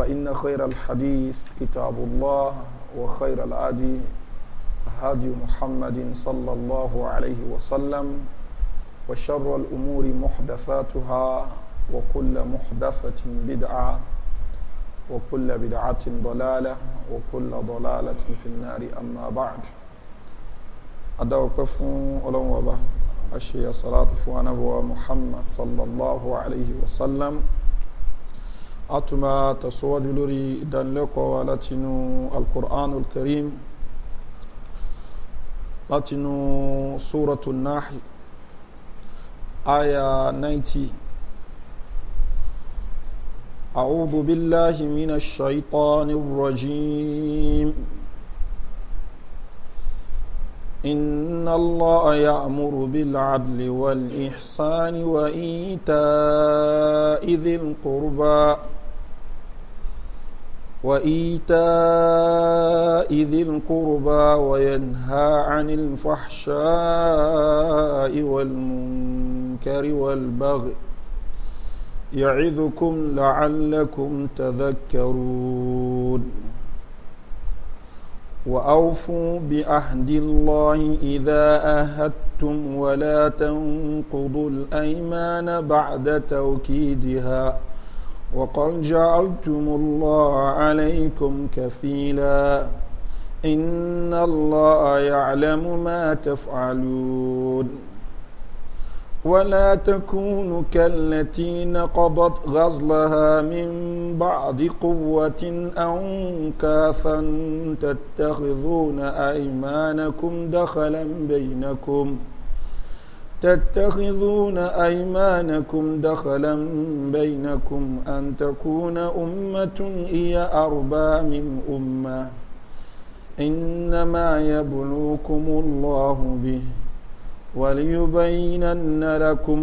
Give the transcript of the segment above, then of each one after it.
فإن خير الحديث كتاب الله وخير الأدي هدي محمد صلى الله عليه وسلم وشر الأمور محدثاتها وكل محدثة بدعة وكل بدعة ضلالة وكل ضلالة في النار أما بعد أدوقف ألوم وبه أشهي صلاة فوانبوى محمد صلى الله عليه وسلم atuma tasuwaju lórí ìdánilẹ́kọ̀ọ́ wa látinú alkur'an alkarim látinú sóratu nahl aya 90 أعوذ بالله من الشيطان الرجيم إن الله يأمر بالعدل والإحسان وإيتاء ذي القربى وإيتاء ذي القربى وينهى عن الفحشاء والمنكر والبغي يعظكم لعلكم تذكرون وأوفوا بعهد الله إذا أهدتم ولا تنقضوا الأيمان بعد توكيدها وقد جعلتم الله عليكم كفيلا إن الله يعلم ما تفعلون ولا تكونوا كالتي نقضت غزلها من بعد قوة أنكاثا تتخذون أيمانكم دخلا بينكم ۖ تتخذون أيمانكم دخلا بينكم أن تكون أمة هي أربى من أمة إنما يبلوكم الله به وليبينن لكم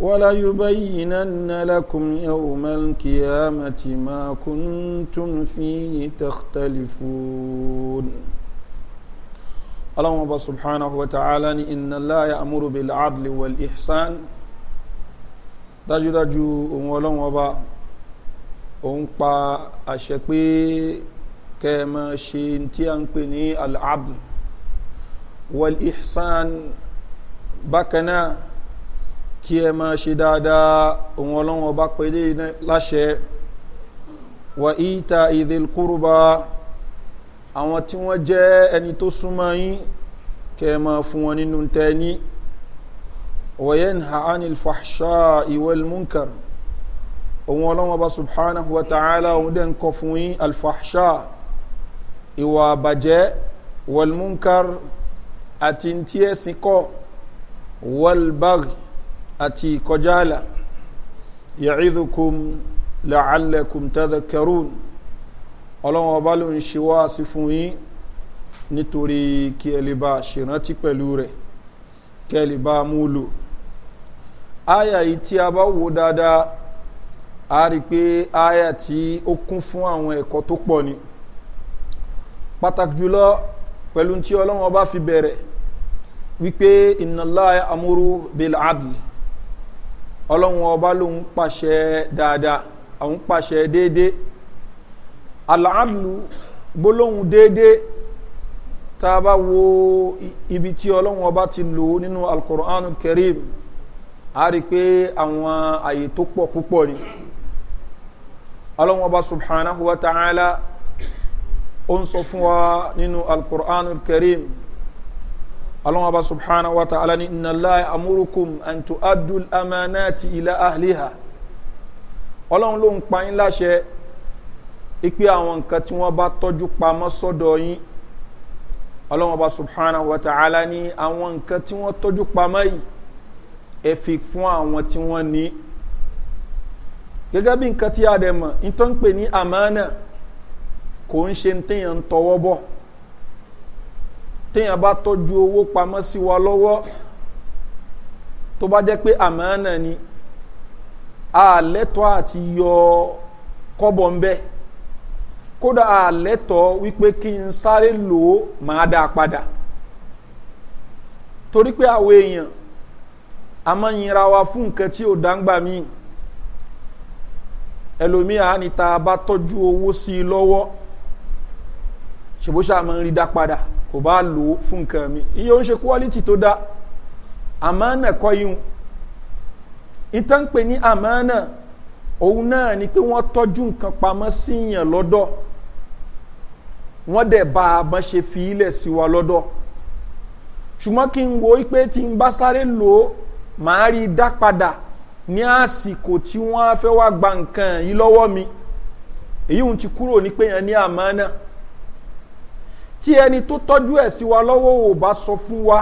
وليبينن لكم يوم القيامة ما كنتم فيه تختلفون ọlọ́run ọba subhanahu wa ta'ala ni iná láyà amúrùbí láàdìlì wal ihsan dájúdájú òun ọlọ́run ọba òun pa àṣẹ pé kẹ́ẹ̀mọ́ ṣe tí a ń pè ní al'abd wal ihsan bákanáà kí ẹ máa ṣe dáadáa òun ọlọ́run ọba pẹ̀lú láṣẹ wa ìta ìdílkúrúbá àwọn tí wọ́n jẹ́ ẹni tó súnmọ́ yín kẹ ma fún wọn nínú tẹ́ni wọ́yẹ́ ní ha'anil fahṣá ìwẹ̀l munkar ohun ọlọ́wọ́ bá subhanahu wa ta'ala ohun dẹ́ kọ fún yín alfahṣá ìwà àbàjẹ́ wẹ̀l munkar àti tí ẹ̀sìn kọ́ wẹ̀l bag àti ìkọjáàlà yàcidukum la'allakum tadhakkarun ọlọ́wọ́n ọba ló ń ṣe wá sí fún yín nítorí kí ẹ lè bá ṣèrántí pẹ̀lú rẹ̀ kí ẹ lè bá mú lò áyà yìí tí a bá wo dáadáa a rí i pé áyà tí ó kún fún àwọn ẹ̀kọ́ tó pọ̀ ni pàtàkì jùlọ pẹ̀lú tí ọlọ́wọ́n ọba fi bẹ̀rẹ̀ wípé ìnàlá amúrú bíl adìl ọlọ́wọ́n ọba ló ń pàṣẹ dáadáa àwọn pàṣẹ déédéé aláàmù gbólóhùn déédé tá a bá wo ibi tí ọlọ́run ọba ti lò nínú alukur'an kerim a rí pé àwọn àyè tó pọ̀ púpọ̀ ni ọlọ́run ọba subhanahu wa ta'ala ó ń sọ fún wa nínú alukur'an kerim ọlọ́run ọba subhanahu wa ta'ala ní ìnàláyà amúrukùn àǹtù adùl amánáàtì ilẹ̀ ahliha ọlọ́run ló ń pa yín láṣẹ ipe àwọn nǹkan tí wọ́n bá tọ́jú pamọ́ sọ́dọ̀ yín ọlọ́wọ́n bá subhanahu wa ta'ala ní àwọn nǹkan tí wọ́n tọ́jú pamọ́ yìí ẹ fún àwọn tí wọ́n ní gẹ́gẹ́ bí nǹkan tí a dẹ̀ mọ̀ nítorí ń pè ní àmánà kò ń ṣe téèyàn ń tọwọ́ bọ̀ téèyàn bá tọ́jú owó pamọ́ sí wa lọ́wọ́ tó bá jẹ́ pé àmánà ni a lẹ́tọ́ àti yọ kọ́bọ̀ ń bẹ́ẹ̀ kódà àlẹ́tọ̀ wípé kí n sáré lò ó máa dáa padà torí pé àwọn èèyàn a máa yinra wa fún nǹkan tí ò dáńgbà mí ẹlòmíà ni ta bá tọ́jú owó sí i lọ́wọ́ ṣèbóṣà máa ń rí dá padà kò bá lò ó fún nǹkan mi iye ó ń tó dá àmọ́nà kọ́ ihun ìtàn pé ní àmọ́nà òun náà ni pé wọ́n tọ́jú nǹkan pamọ́ síyàn lọ́dọ̀ wọ́n dẹ̀ bá a bọ́n ṣe fi ilẹ̀ sí wa lọ́dọ̀ ṣùgbọ́n kí n wo pé tí n bá sáré lò ó màá rí i dá padà ní àsìkò tí wọ́n á fẹ́ wá gba nǹkan yìí lọ́wọ́ mi èyí ń ti kúrò ní pé yẹn ní àmọ́nà tí ẹni tó tọ́jú ẹ̀ sí wa lọ́wọ́ ò bá sọ fún wa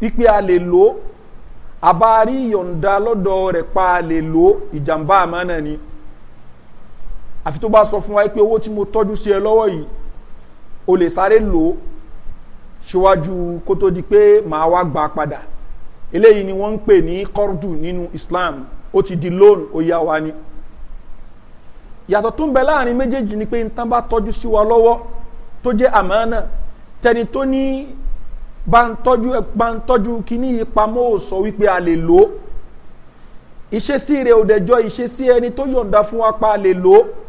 wípé a lè lò ó àbá rí ìyọ̀ǹda lọ́dọ̀ rẹ̀ pa a lè lò ó ìjàmbá àmọ́nà ni àfi tó bá sọ fún wa pé owó tí mo tọ́jú sí ẹ lọ́wọ́ yìí o lè sáré lò ó ṣíwájú kó tó di pé màá wá gba padà eléyìí ni wọ́n ń pè ní kọ́rdù nínú islam ó ti di loan oyá wa ni yàtọ̀ tó ń bẹ láàrin méjèèjì ni pé n tán bá tọ́jú sí wa lọ́wọ́ tó jẹ́ àmọ́nà tẹni tó ní bá ń tọ́jú bá ń tọ́jú kíní yìí pamọ́ ò sọ wípé a lè lò ó ìṣesí rẹ̀ ò dẹjọ́ ìṣesí ẹni tó yọ̀ǹda fún wa pa a lè lò ó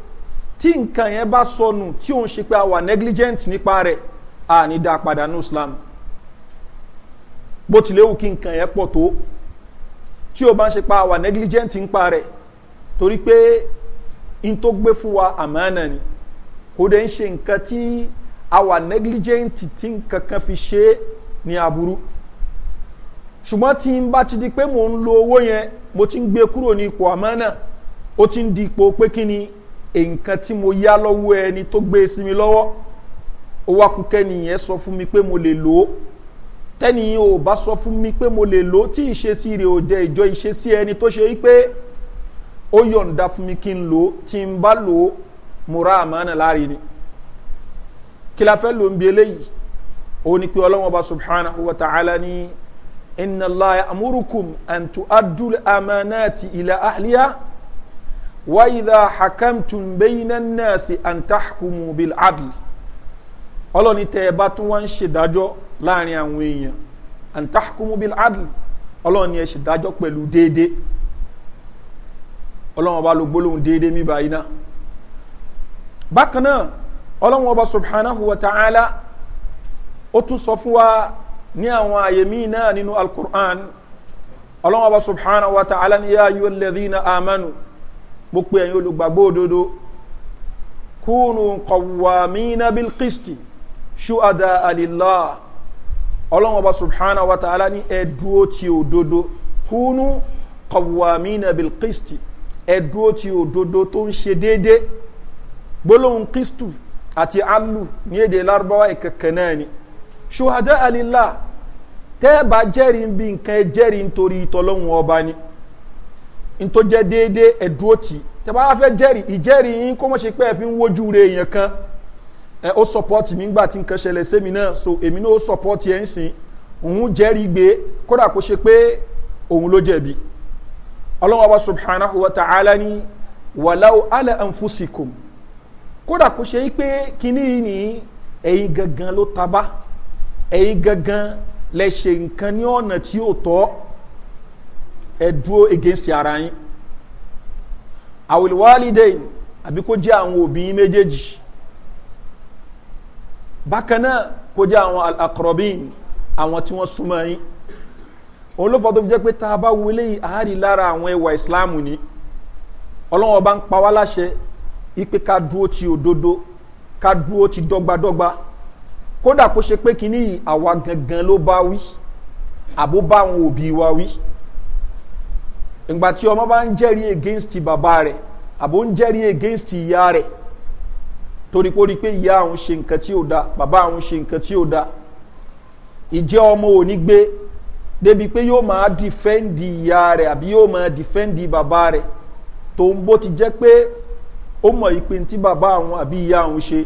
tí nǹkan yẹn bá sọnù tí òun ṣe pé a wà negligent nípa rẹ̀ a ní dá padà ní islam bó tilẹ̀ wù kí nǹkan yẹn pọ̀ tó tí o bá ń ṣe pa a wà negligent nípa rẹ̀ torí pé n tó gbé fún wa àmàna ni kò dé ń ṣe nǹkan tí a wà negligent tí nǹkan kan fi ṣe ní aburú ṣùgbọ́n tí n bá ti di pé mò ń lo owó yẹn mo ti ń gbé kúrò ní ipò àmàna ó ti ń di ipò pé kí ni nǹkan tí mo yá lọ́wọ́ ẹni tó gbé e sí mi lọ́wọ́ ó wá kú kẹ́niyẹn sọ fún mi pé mo lè lò ó tẹ́niyẹn ò bá sọ fún mi pé mo lè lò ó tí ìṣesí rẹ̀ ò jẹ́ ìjọ ìṣesí ẹni tó ṣe wípé ó yọ̀ǹda fún mi kí n lò ó tí n bá lò ó mo ra àmàna láàrin ni kí la fẹ́ lò ń bi eléyìí òun ni pé ọlọ́wọ́n bá subhanahu wa ta'ala ni inna allah amurukum antu adul amanati ila ahliya wáyídá hakamtum bẹ́yìnà náà sí antakumu bil adl ọlọ́ni tẹ́ ẹ bá tún wá ń ṣèdájọ́ láàrin àwọn èèyàn antakumu bil adl ọlọ́ni ẹ ṣèdájọ́ pẹ̀lú déédéé ọlọ́wọ́n bá lo gbólóhùn déédéé mi báyìí náà bákan náà ọlọ́wọ́n bá subhanahu wa ta'ala ó tún sọ fún wa ní àwọn àyè míì náà nínú alukur'an ọlọ́wọ́n bá subhanahu wa ta'ala ní yáa yóò lẹ́dínà amánu mo pe ẹ̀yin olùgbàgbọ́ òdodo kúrù kọ̀wàmínà bil kristi ṣúadà àlìlá ọlọ́run ọba subhana wa ta'ala ní ẹ̀dúó ti òdodo kúrù kọ̀wàmínà bil kristi ẹ̀dúó ti òdodo tó ń ṣe déédé gbólóhùn kristu àti alu ní èdè lárúbáwá ìkẹ̀kẹ̀ náà ni ṣúadà àlìlá tẹ́ẹ̀bà jẹ́rìí bí nǹkan jẹ́rìí nítorí ìtọ́lọ́hun ọba ni nítorí jẹ́ déédéé ẹ̀dúró tì tẹ́ bá fẹ́ jẹ́rìí ìjẹ́rìí yín kó mọ̀ ṣe pé ẹ̀ fi ń wojú re èèyàn kan ẹ ó sọpọ́ọ̀tì mi ńgbà tí nǹkan ṣẹlẹ̀ sẹ́mi náà so èmi náà ó sọpọ́ọ̀tì ẹ̀ ń sìn òun jẹ́rìí gbé kódà kó ṣe pé òun ló jẹ̀bi ọlọ́wọ́ bá subhanahu wa ta'ala ni wàláwò alẹ́ ànfúsìkòm kódà kó ṣe pé kíní ni ẹ̀yin gangan ló tabá ẹ̀yin gangan lẹ ṣe nǹkan ní ọ̀nà tí yóò tọ́ ẹ dúró against ara yín àwòlíwálídé àbí kó jẹ́ àwọn òbí yín méjèèjì bákan náà kó jẹ́ àwọn àkọ̀rọ̀bí àwọn tí wọ́n súnmọ́ yín òun ló fọ́ tó jẹ́ pé tá a bá wo eléyìí àárí lára àwọn ẹwà ìsìláàmù ni ọlọ́wọ́n bá ń pa wá láṣẹ ipe ká dúró ti òdodo ká dúró ti dọ́gbadọ́gba kódà kó ṣe pé kínní àwa gangan ló bá wí àbó bá àwọn òbí wa wí ìgbà tí ọmọ bá ń jẹ́rí against bàbá rẹ̀ àbò ń jẹ́rí against ìyá rẹ̀ torí pé ó rí pé ìyá àwọn ṣe nǹkan tí ó da bàbá àwọn ṣe nǹkan tí ó da ìjẹ́ ọmọ ò ní gbé débi pé yóò máa dìfẹ́ǹdì ìyá rẹ̀ àbí yóò máa dìfẹ́ǹdì bàbá rẹ̀ tó ń bó ti jẹ́ pé ó mọ̀ ìpín tí bàbá àwọn àbí ìyá àwọn ṣe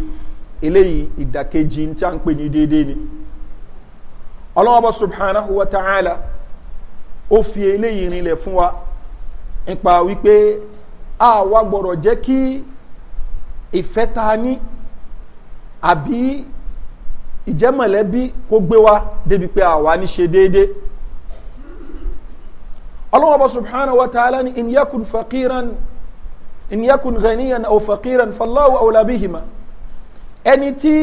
eléyìí ìdàkejì tí a ń pè ní déédéé ni ọlọ́wọ́ bá subhanahu wa ta'ala ó fi eléyìí rinlẹ̀ fún wa nípa wípé àwa gbọ́dọ̀ jẹ́ kí ìfẹ́ ta ní àbí ìjẹ́mọ̀lẹ́bí kó gbé wa débi pé àwa ní ṣe déédé ọlọ́wọ́ bá subhanahu wa ta'ala ni in yakun faqiran in ghaniyan aw faqiran fallahu awla bihima ẹni tí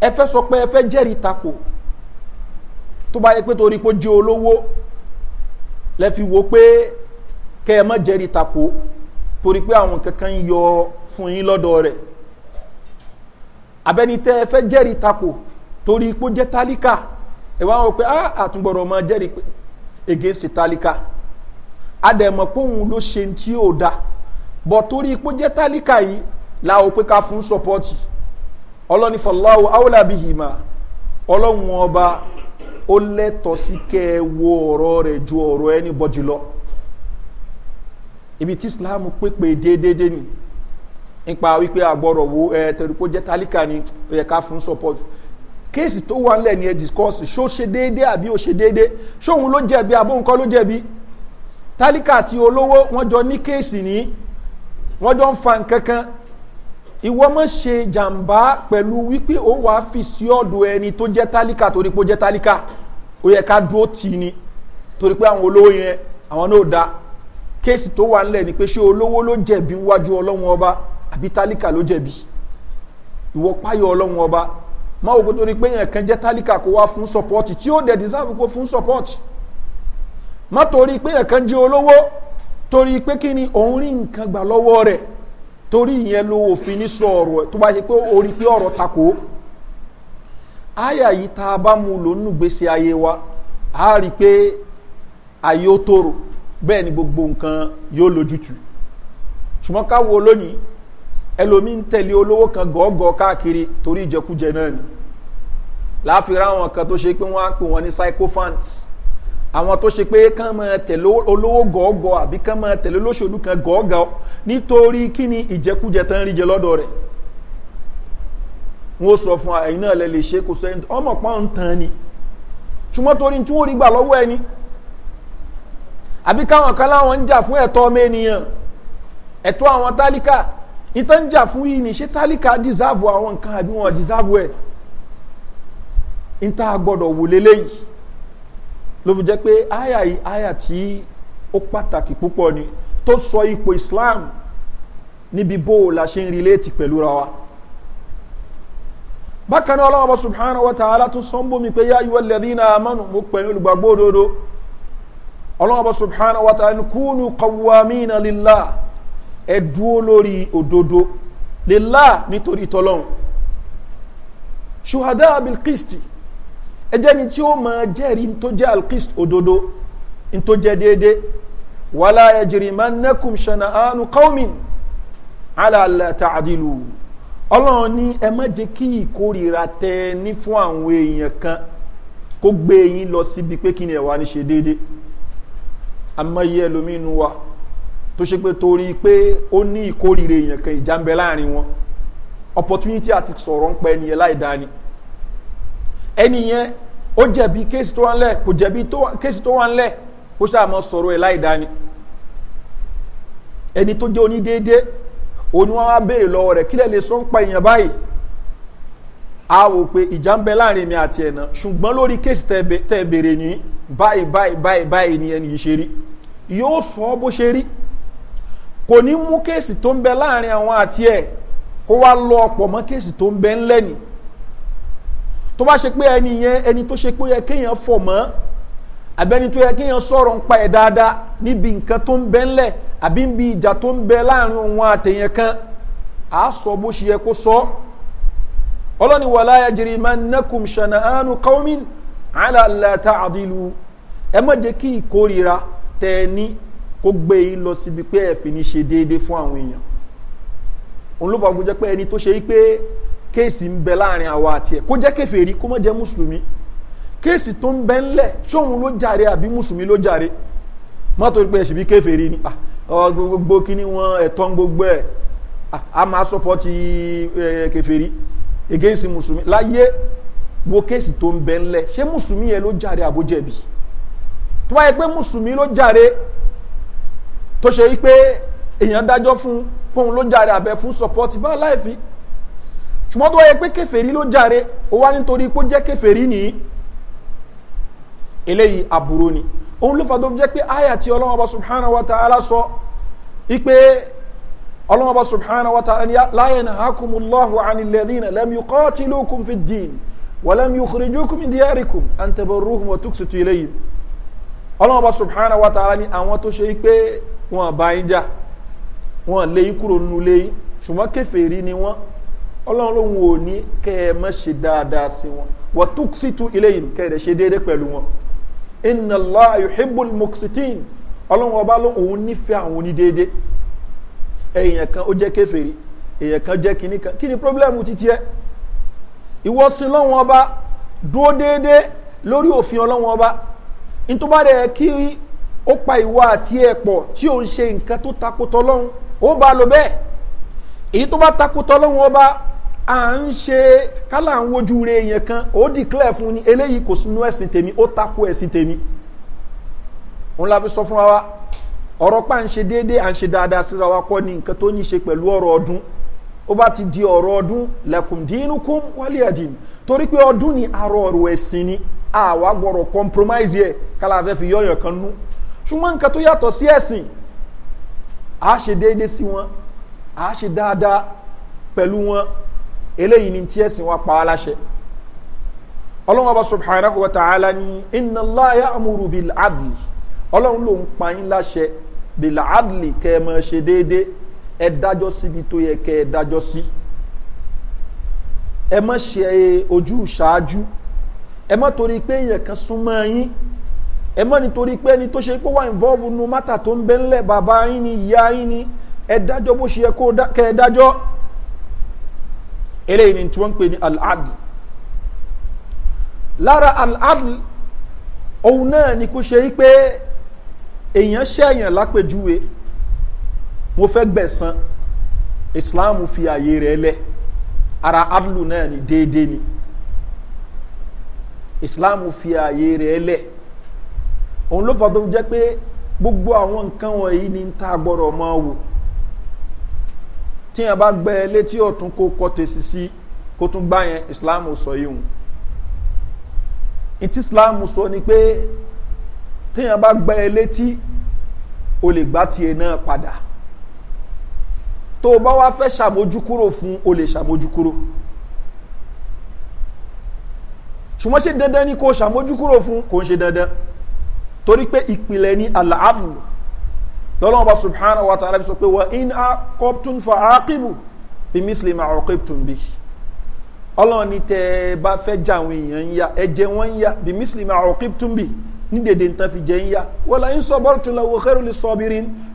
ẹ sọ pé ẹ jẹ́rìí tako tó bá yẹ pé torí pé jẹ́ olówó lẹ́fi wo pé kẹ́ ẹ má jẹ́rìí tako torí pé àwọn kankan yọ fún yín lọ́dọ̀ rẹ̀ ẹ tako torí ipò jẹ́ tálíkà ẹ wá wọ ah, pé against tálíkà adẹ̀mọ̀ pòun ló ṣe tí ò da bọ̀ torí ipò jẹ́ tálíkà yìí láwọ pé ká fún sọpọ́tì ọlọ́ni fọláwọ́ áwòlábí hìmà ọlọ́run ọba ó lẹ́tọ̀ọ́ sí kẹ́ ẹ wo ọ̀rọ̀ rẹ̀ ju ọ̀rọ̀ ẹni lọ. ibi tí islam pépè déédéé ni nípa wípé àgbọ̀rọ̀ wo ẹ torí pé ó jẹ́ tálíkà ni ó yẹ ká fún support kéèsì tó wà nílẹ̀ ni ẹ discourse ṣó ṣe déédéé àbí ó ṣe déédéé ṣóun ló jẹ̀bi abóǹkọ́ ló jẹ̀bi tálíkà àti olówó wọ́n jọ ní kéèsì ní wọ́n jọ ń fa nǹkan kan ìwọ mọ̀ ṣe jàǹbá pẹ̀lú wípé ó wàá fi sí ọ̀dọ̀ ẹni tó jẹ́ tálíkà torí pé ó jẹ́ tálíkà ó yẹ ká dúró tì í ni torí pé àwọn olówó yẹn àwọn náà dáa kéèsì tó wà ńlẹ̀ ni pé ṣé olówó ló jẹ̀bi wájú ọlọ́run ọba àbí tálíkà ló jẹ̀bi ìwọ páyọ ọlọ́run ọba má wò kó torí pé yẹn kan jẹ́ tálíkà kó wá fún support tí ó dẹ̀ deserve kó fún support má torí pé yẹn kan jẹ́ olówó torí pé kí ni òun rí nǹkan gbà lọ́wọ́ rẹ̀ torí ìyẹn ló òfin ní sọ ọ̀rọ̀ tó bá ṣe pé pé ọ̀rọ̀ áyà yìí tá a bá mu lò wa a rí i pé ayé ó bẹ́ẹ̀ ni gbogbo nǹkan yóò lójútu ṣùgbọ́n káwo lónìí ẹlòmí ń tẹ̀lé olówó kan gọ́ọ̀gọ́ káàkiri torí ìjẹkújẹ náà ni láàfin ráwọn kan tó ṣe pé wọ́n á pè wọ́n ní psychophants àwọn tó ṣe pé kán máa tẹ̀lé olówó gọ́ọ̀gọ́ àbí kán máa tẹ̀lé olóṣèlú kan gọ́ọ̀gọ́ nítorí kí ni ìjẹkújẹ tán rí jẹ lọ́dọ̀ rẹ̀ wọ́n sọ fún àyìn náà lẹ́ lè ṣe kò sẹ́yìn ọmọ pọ́n ń tan ni ṣùgbọ́n torí tí wọ́n rí gbà lọ́wọ́ ẹni àbí káwọn kan láwọn ń jà fún ẹ̀tọ́ ọmọ ènìyàn ẹ̀tọ́ àwọn tálíkà ìtàn ń jà fún yìí ní ṣé tálíkà dìsáàbù àwọn nǹkan àbí wọn dìsáàbù ẹ̀ ìta gbọ́dọ̀ wò léléyìí ló fi jẹ́ pé àyà yìí àyà tí ó pàtàkì púpọ̀ ni tó sọ ipò islam níbi bó o la ṣe ń riléètì pẹ̀lú ra wa bákan náà ọlọ́wọ́ subhanahu wa ta'ala tún sọ ń bómi pé yá ìwọ́lẹ̀ dínà amánu mo pẹ̀lú olùgbàgbọ́ òdodo ọlọ́wọ́ba subhanahu wa ta'ala kúnú kọwàmínà lílá ẹ̀dúó lórí òdodo lílá nítorí tọ́lọ́run ṣùhádá abilkisti ẹjẹ́ ni tí ó ma jẹ́rí tó jẹ́ alkist òdodo tó jẹ́ déédé wàlá ẹjìrì ma nẹ́kùn ṣana'ánu kọ́min alàlá tàdílù ọlọ́run ní ẹ má jẹ́ kí ìkórìíra tẹ ní fún àwọn èèyàn kan kó gbé yín lọ síbi pé kí ni ẹ̀wà ní ṣe déédéé amáyé ẹlòmí inú wa tó ṣe pé torí pé ó ní ìkórìíre èèyàn kan ìjàmbẹ láàrin wọn opportunity àti sọ̀rọ̀ ń pẹ́ ẹniyẹn láì dání ẹniyẹn ó jẹ̀bi kéèsì tó wà ńlẹ̀ kò jẹ̀bi kéèsì tó wà ńlẹ̀ kó ṣáà mọ sọ̀rọ̀ ẹ̀ láì dání ẹni tó jẹ́ onídéédé òní wọn wá béèrè lọ́wọ́ rẹ̀ kílẹ̀ lè sọ́n pa èèyàn báyìí a wò pé ìjà láàrin mi àti ẹ̀nà ṣùgbọ́n lórí kéèsì tẹ̀ béèrè ní báyìí báyìí báyìí báyìí ni ẹni yìí ṣe rí yóò sọ bó ṣe rí kò ní mú kéèsì tó ń bẹ láàrin àwọn àti ẹ̀ kó wá lọ ọ̀pọ̀ mọ́ kéèsì tó ń bẹ ńlẹ̀ ni tó bá ṣe pé ẹni yẹn ẹni tó ṣe pé yẹ kéèyàn fọ̀ mọ́ àbẹ́ni tó yẹ kéèyàn sọ̀rọ̀ ń pa ẹ̀ dáadáa níbi nǹkan tó ń bẹ ńlẹ̀ àbí ń ìjà tó ń bẹ láàrin òun àtẹ̀yẹn kan àá sọ bó ṣe yẹ kó sọ ọlọ́ni wàlá ẹ̀jẹ̀rì máa ń nẹ́kùn ṣànà àánú ẹ má jẹ́ kí ìkórira tẹ ẹ ní kó gbé e lọ síbi pé ẹ fi ní ṣe déédéé fún àwọn èèyàn òun ló fà gbọ́dọ̀ pé ẹni tó ṣe wípé kéèsì ń bẹ láàrin àwa àti ẹ kó jẹ́ kẹfẹ́rí kó má jẹ́ mùsùlùmí kéèsì tó ń bẹ ńlẹ̀ ṣóun ló jàre àbí mùsùlùmí ló jàre mọ́tò pé ẹ̀ṣì bí kẹfẹ́rí ni ah, gbogbo kíní wọn ẹ̀tọ́ gbogbo ẹ̀ ah, a máa sọpọ́tì kẹfẹ́rí against mùsùlùmí láyé wo kéèsì tó ń bẹ ńlẹ̀ ṣé mùsùlùmí yẹn ló jàre àbójẹ̀bi tó wáyé pé mùsùlùmí ló jàre tó ṣe wípé èèyàn dájọ́ fún póun ló jàre àbẹ fún support bá láìfi ṣùgbọ́n tó wáyé pé kẹfẹ́rí ló jàre ó wá nítorí pé ó jẹ́ kẹfẹ́rí nìyí eléyìí aburú ni òun ló fà tó fi jẹ́ pé àyà tí ọlọ́wọ́ bá subhanahu wa ta'ala sọ ipe ọlọ́wọ́ bá subhanahu wa ta'ala ni láyé na hakumullahu anilẹ́dínà lẹ́m kọ́ tí lókun fi dín wọ́n lẹ́m yóò kúrìjú kúmi díẹ̀rì kùm àǹtẹ̀bọ̀rúhùn wọ́n eléyìí ọlọ́run bá subhana wa ta'ala ni àwọn tó ṣe pé wọn bá yín já wọn lé yín kúrò nínú lé yín ṣùgbọ́n kẹfẹ́rí ni wọ́n ọlọ́run lòun ò ní kẹ́ ẹ mọ́ ṣe dáadáa sí wọn wọ́n tó sì tú ilé yìí kẹ́ ẹ ṣe déédéé pẹ̀lú wọn inna allah yuhibbul muksitin ọlọ́run ọba ló òun nífẹ̀ẹ́ àwọn onídéédé èèyàn kan ó jẹ́ kẹfẹ́rí èèyàn kan jẹ́ kínní kan kí ni pírọ́blẹ́mù ti tiẹ́ ìwọ́sìn lọ́wọ́n ọba dúró déédéé lórí òfin ọlọ́wọ́n ọba nítorí bá rẹ̀ kí ó pa ìwà àti ẹ̀pọ̀ tí ò ń ṣe nǹkan tó takotọ́ lọ́hún ó bá lò bẹ́ẹ̀ èyí tó bá takotọ́ lọ́hún ọba à ń ṣe kálà ń wojú re èèyàn kan ó dìklẹ̀ fún ni eléyìí kò sínú ẹ̀sìn tèmi ó tako ẹ̀sìn tèmi òun la fi sọ fún wa ọ̀rọ̀ pa ń ṣe déédé à ń ṣe dáadáa síra wa kọ́ ni nǹkan tó ní ṣe pẹ̀lú ọ̀rọ̀ ọdún ó bá ti di ọ̀rọ̀ ọdún lẹ́kùndínnú kún wálé ẹ̀dínú torí pé ọdún ni arọ ọ̀rọ̀ ẹ̀sìn ni àwa gbọ́rọ̀ compromise yẹ kálá afẹ́ fi yọ̀yàn kan nú ṣùgbọ́n nǹkan tó yàtọ̀ sí ẹ̀sìn a ṣe déédé sí wọn a ṣe dáadáa pẹ̀lú wọn eléyìí ni tí ẹ̀sìn wa pa á láṣẹ ọlọ́run ọba subhanahu wa ta'ala ni iná láyà amúrú bil adli ọlọ́run ló ń pa yín láṣẹ bil adli kẹ́ ẹ mọ̀ ṣe déédé ẹ dájọ́ síbi tó yẹ kẹ́ ẹ dájọ́ sí. Si ẹ mọ́ ṣe ojú ṣáájú ẹ mọ́ torí pé èèyàn kan súnmọ́ yín ẹ mọ́ nítorí pé ẹni tó ṣe pé wà involve nu mátà tó ń bẹ́ ńlẹ̀ bàbá yín ni ìyá yín ni ẹ dájọ́ bó ṣe yẹ kó kẹ́ ẹ dájọ́ eléyìí ni tí wọ́n ń pè ní al lára al òun náà ni kó ṣe yí pé èèyàn ṣẹ̀yàn lápèjúwe mo fẹ́ gbẹ̀san islam fi àyè rẹ̀ lẹ́ẹ̀ ara adlu náà ni déédéé ni islam fi ààyè rẹ̀ lẹ̀ òun ló fà tó jẹ́ pé gbogbo àwọn nǹkan wọ̀nyí ni ń ta gbọ́dọ̀ máa wò tí yẹn bá gbẹ létí ọ̀tún kó kọ́ tèsì sí kó tún gbá yẹn islam sọ yìí hùn ìtí islam sọ ni pé téèyàn bá gbẹ létí o lè gbá tiẹ̀ náà padà tó bá wá fẹ́ ṣàmójúkúrò fún o lè ṣàmójúkúrò ṣùgbọ́n ṣe dandan ni kò ṣàmójúkúrò fún kò ń ṣe dandan torí pé ìpìlẹ̀ ni alaamu lọ́lọ́wọ́ bá subhanahu wa ta'ala sọ pé wa in a coptun fa aqibu bí misli ma ọ̀kẹ́ptun bí ọlọ́run ni tẹ́ ẹ bá fẹ́ jà àwọn èèyàn ń ya ẹ̀jẹ̀ wọn ń ya bí misli ma ọ̀kẹ́ptun bí ní dèdè ń tan fi jẹ́ ń ya wọ́n la ń sọ bọ́ọ̀tún lọ́wọ́ kẹ́rù lè sọ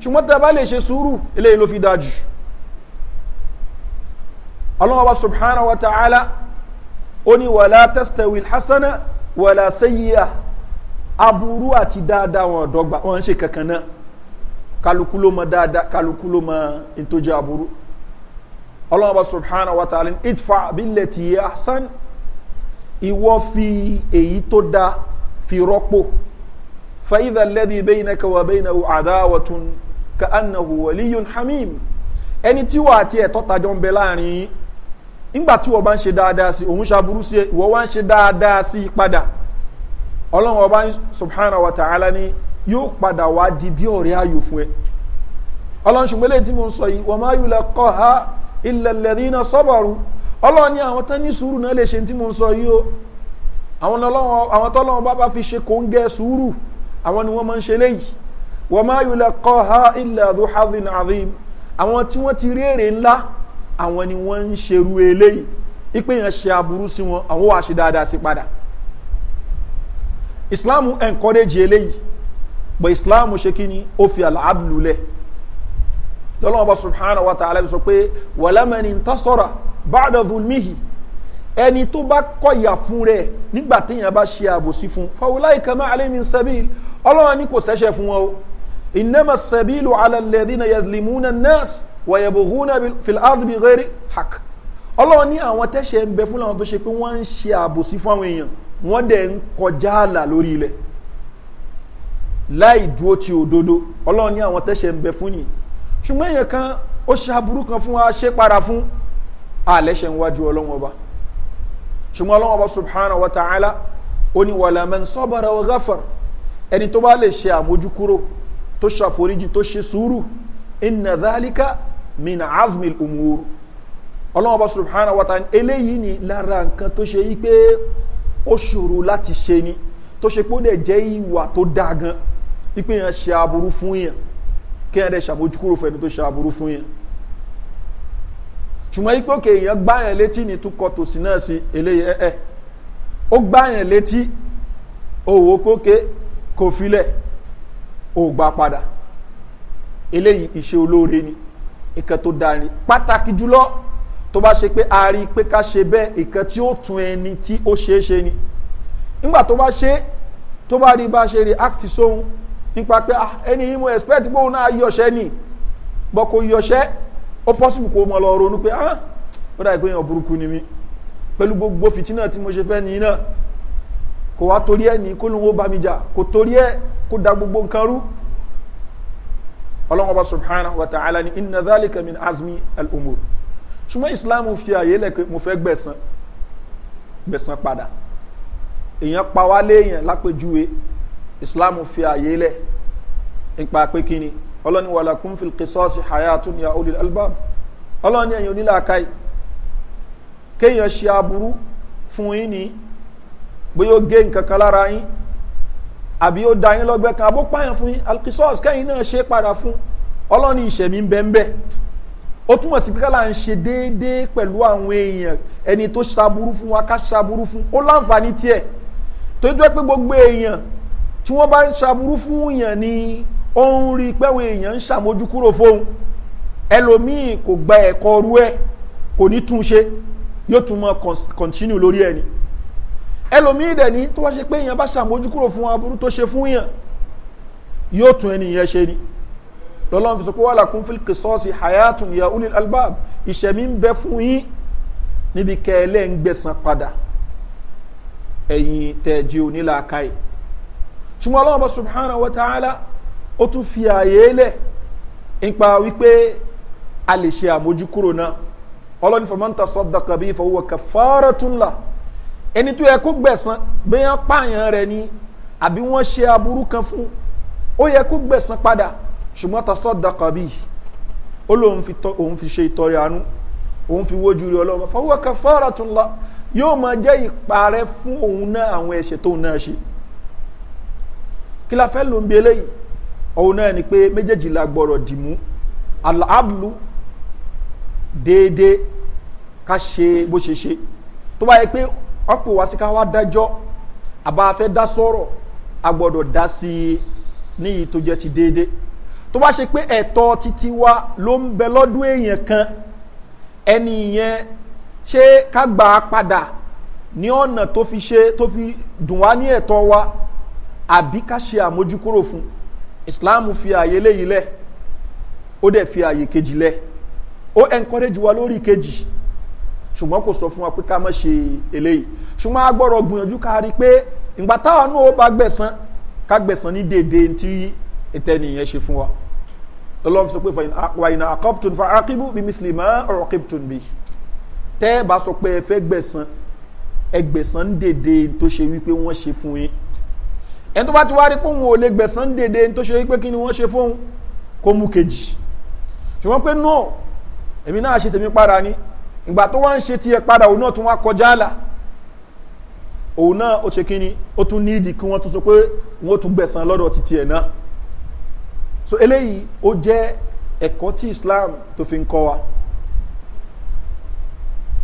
ṣùgbọ́n tẹ́ bá lè ṣe sùúrù eléyìí ló fi dáa ọlọ́wọ́ subhana wa ta'ala ó ní wàlá testawi hasana wàlá sẹ́yìíyà aburú àti dáadáa wọn dọ́gba wọn ṣe kankan náà kálukú ló mọ dáadáa kálukú ló mọ ìtòjú aburú ọlọ́wọ́ subhana wa ta'ala idfa abilẹ̀ ti yẹ hasan ìwọ fi èyí tó da fi rọ́pò فإذا الذي بينك وبينه عداوة كأنه ولي حميم ẹni tí wàá tiẹ̀ tọ́ta jọ ń bẹ láàrin nígbà tí wọ́n bá ń ṣe dáadáa sí òun ṣàbúrú sí ìwọ́ wá ń ṣe dáadáa sí padà ọlọ́run ọba subhanahu wa ta'ala ni yóò padà wá di bí ọ̀rẹ́ ayò fún ẹ ọlọ́run ṣùgbọ́n lè tí mo ń sọ yìí wọ́n máa yù lẹ kọ́ ha ilẹ̀ lẹ́dínà sọ́bọ̀rù ọlọ́run ni àwọn tán ní sùúrù náà lè ṣe tí mo sọ yìí o àwọn tọ́lọ́run bá bá fi ṣe kò ń gẹ sùúrù àwọn ni wọ́n máa ń ṣe léyìí wọ́n máa yù lẹ kọ́ ha ilẹ̀ àdúhàdìn àdìm àwọn tí wọ́n ti rí èrè ńlá àwọn ni wọ́n ń ṣerú eléyìí ipe yẹn ṣe aburú sí wọn àwọn wàá ṣe dáadáa sí padà islam encourage eléyìí but islam ṣe kí ni ó fi àlàábùlù lẹ̀ lọ́lọ́wọ́ bá subhana wa ta'ala sọ pé wàlámẹ́ni ń tásọ̀rọ̀ báàdà zulmihi ẹni tó bá kọ̀yà fún rẹ̀ nígbà téèyàn bá ṣe àbòsí fún fàwùláì kàmá alẹ́mi sẹ́bìl ọlọ́run ní kò sẹ́ṣẹ̀ fún wọn o ìnáma sẹ́bìlù alẹ́lẹ́dínà yẹ̀dìlímúnà nẹ́ẹ̀sì wọ̀yẹ̀bùhúnà fìlàdùbí rẹ́rí hak ọlọ́run ní àwọn tẹ́ṣẹ̀ ń bẹ fún àwọn tó ṣe pé wọ́n ń ṣe àbòsí fún àwọn èèyàn wọ́n dẹ̀ ń kọjá àlà lórí ilẹ̀ láì dúró ti òdodo ọlọ́run ní àwọn tẹ́ṣẹ̀ ń bẹ fún ni ṣùgbọ́n èèyàn kan ó ṣe aburú kan fún wa ṣe para fún àlẹ́ṣẹ̀ ń wájú ọlọ́run ọba ṣùgbọ́n ọlọ́run ọba subhanahu wa ta'ala ó ní wàlámẹ́ ń sọ́bàrà wa Mina azmi umur ọlọ́wọ́n bá subhana wa ta eléyìí ni lára nǹkan tó ṣe yí pé ó ṣòro láti ṣe ni tó ṣe pé ó dẹ̀ jẹ́ ìwà tó dáa gan ipe yẹn ṣe aburú fún yẹn kí yẹn ṣàbójúkúrò fẹ́ni tó ṣe aburú fún yẹn ṣùgbọ́n ipe òkè èèyàn gbá létí ni tún kọ tòsí náà sí eléyìí ẹ̀ ẹ̀ ó gbá yẹn létí owó pókè kò filẹ̀ ò gbà padà eléyìí ìṣe olóore ni nǹkan tó dáa ni pàtàkì jùlọ tó bá ṣe pé a rí i pé ká ṣe bẹ́ẹ̀ nǹkan tí ó tún ẹni tí ó ṣeé ṣe ni nígbà tó bá ṣe tó bá rí bá ṣe react sóhun nípa pé ah, ẹni yìí mo expect pé òun náà yọ̀ṣẹ́ ni bọ́ kò yọ̀ṣẹ́ ó possible kó mọ̀ lọ ronú pé ah ó dà ìpéyàn burúkú ni mi pẹ̀lú gbogbo fìtí náà tí mo ṣe fẹ́ nìyí náà kò wá torí ẹ̀ ní kó lóun ó bá mi jà kò torí ẹ̀ kó da gbogbo nǹkan rú ọlọ́wọ́ba subhanahu wa ta'ala ni inna dhalika min azmi al-umur ṣùgbọ́n islam fi àyè lẹ́kẹ́ mo fẹ́ gbẹ̀sán gbẹ̀sán padà èèyàn pa wá léèyàn lápẹjúwe islam fi àyè lẹ̀ nípa pé kíni ọlọ́ni wàlá kún fi kìsọ́ọ̀sì hayatu ni àolè albab ọlọ́ni ẹ̀yìn onílàákàyè kéèyàn ṣe aburú fún yín ni bóyá ó gé nǹkan kan lára yín àbí ó da yín lọ́gbẹ́ kan àbó pààyàn fún yín alkisọ́ọ̀sì kẹ́yìn náà ṣe padà fún ọlọ́ni ìṣẹ̀mí ń bẹ́ ń bẹ́ ó túmọ̀ sí píkálà ń ṣe déédéé pẹ̀lú àwọn èèyàn ẹni tó ṣaburú fún wa ká ṣaburú fún ó láǹfààní tiẹ̀ tó jẹ́ pé gbogbo èèyàn tí wọ́n bá ń ṣaburú fún èèyàn ni ó ń rí i pé àwọn èèyàn ń ṣàmójú kúrò fóun ẹlòmíì kò gba ẹ̀kọ́ ru ẹ̀ kò ní túnṣe yóò tún continue lórí ẹ̀ ni ẹlòmíì dẹ̀ ní tó wá ṣe pé èèyàn bá ṣàmójúkúrò fún aburú tó ṣe fún yàn yóò tún ẹni yẹn ṣe ni lọ́lọ́run fi sọ pé wà lákún fílkì sọ́ọ̀sì hayatun ya ulil albab ìṣẹ̀mí ń bẹ fún yín níbi kẹ́ẹ̀lẹ́ ń gbẹ̀sán padà ẹ̀yìn tẹ̀jì onílàákàyè ṣùgbọ́n ọlọ́run bá subhanahu wa ta'ala ó tún fi ààyè lẹ̀ nípa wípé a lè ṣe àmójúkúrò náà ọlọ́run fọmọ́ntà sọ́dọ̀kàbí ìfọwọ́ kàfàrà tún là ẹni tó yẹ kó gbẹ̀sán bẹ́ẹ̀ pààyàn rẹ̀ ni àbí wọ́n ṣe aburú kan fún ó yẹ kó gbẹ̀sán padà ṣùgbọ́n ta sọ́dà kàbí ó lóun fi tọ́ òun fi ṣe ìtọ́rẹ àánú òun fi wojú rẹ ọlọ́run fọwọ́ kan fọ́ọ̀rọ̀ tún lọ yóò máa jẹ́ ìparẹ́ fún òun náà àwọn ẹ̀ṣẹ̀ tóun náà ṣe kí la fẹ́ ló ń bi eléyìí òun náà ni pé méjèèjì la gbọ́rọ̀ dìmú aláàbùlù déédéé ká ṣe bó ṣe ṣe tó bá pé wọ́n pè wá sí ká wá dájọ́ àbá fẹ́ dá sọ̀rọ̀ a gbọ́dọ̀ dá sí i ní iye tó jẹ́ ti déédé tó bá ṣe pé ẹ̀tọ́ títí wa ló ń bẹ lọ́dún èèyàn kan ẹni yẹn ṣé ká gbà á padà ní ọ̀nà tó fi ṣe tó fi dùn wá ní ẹ̀tọ́ wa àbí ká ṣe àmójúkúrò fún islam fi àyè léyìí lẹ̀ ó dẹ̀ fi àyè kejì lẹ̀ ó encourage wa lórí kejì ṣùgbọ́n kò sọ fún wa pé ká mọ́ ṣe eléyìí ṣùgbọ́n a gbọ́dọ̀ gbìyànjú ká rí i pé ìgbà táwọn náà ó bá gbẹ̀sán ká gbẹ̀sán ní dédé tí ìtẹ́nìyẹn ṣe fún wa ọlọ́run sọ pé wàyìnà àkọ́pùtùn fa akíbù bí mùsùlùmí ọ̀rọ̀ kípùtùn bí tẹ́ ẹ bá sọ pé ẹ fẹ́ gbẹ̀sán ẹ gbẹ̀sán ní dédé tó ṣe wípé wọ́n ṣe fún yín ẹni tó bá ti wá rí pé òun ò lè gbẹ̀sán no èmi náà ṣe tèmi para ìgbà tó wá ń ṣe tiẹ̀ padà òun náà tún wá kọjá àlà òun náà ó ṣe kí ni ó tún ní ìdí kí wọ́n tún sọ pé wọ́n tún gbẹ̀sán lọ́dọ̀ títí ẹ̀ náà so eléyìí ó jẹ́ ẹ̀kọ́ tí islam tó fi ń kọ́ wa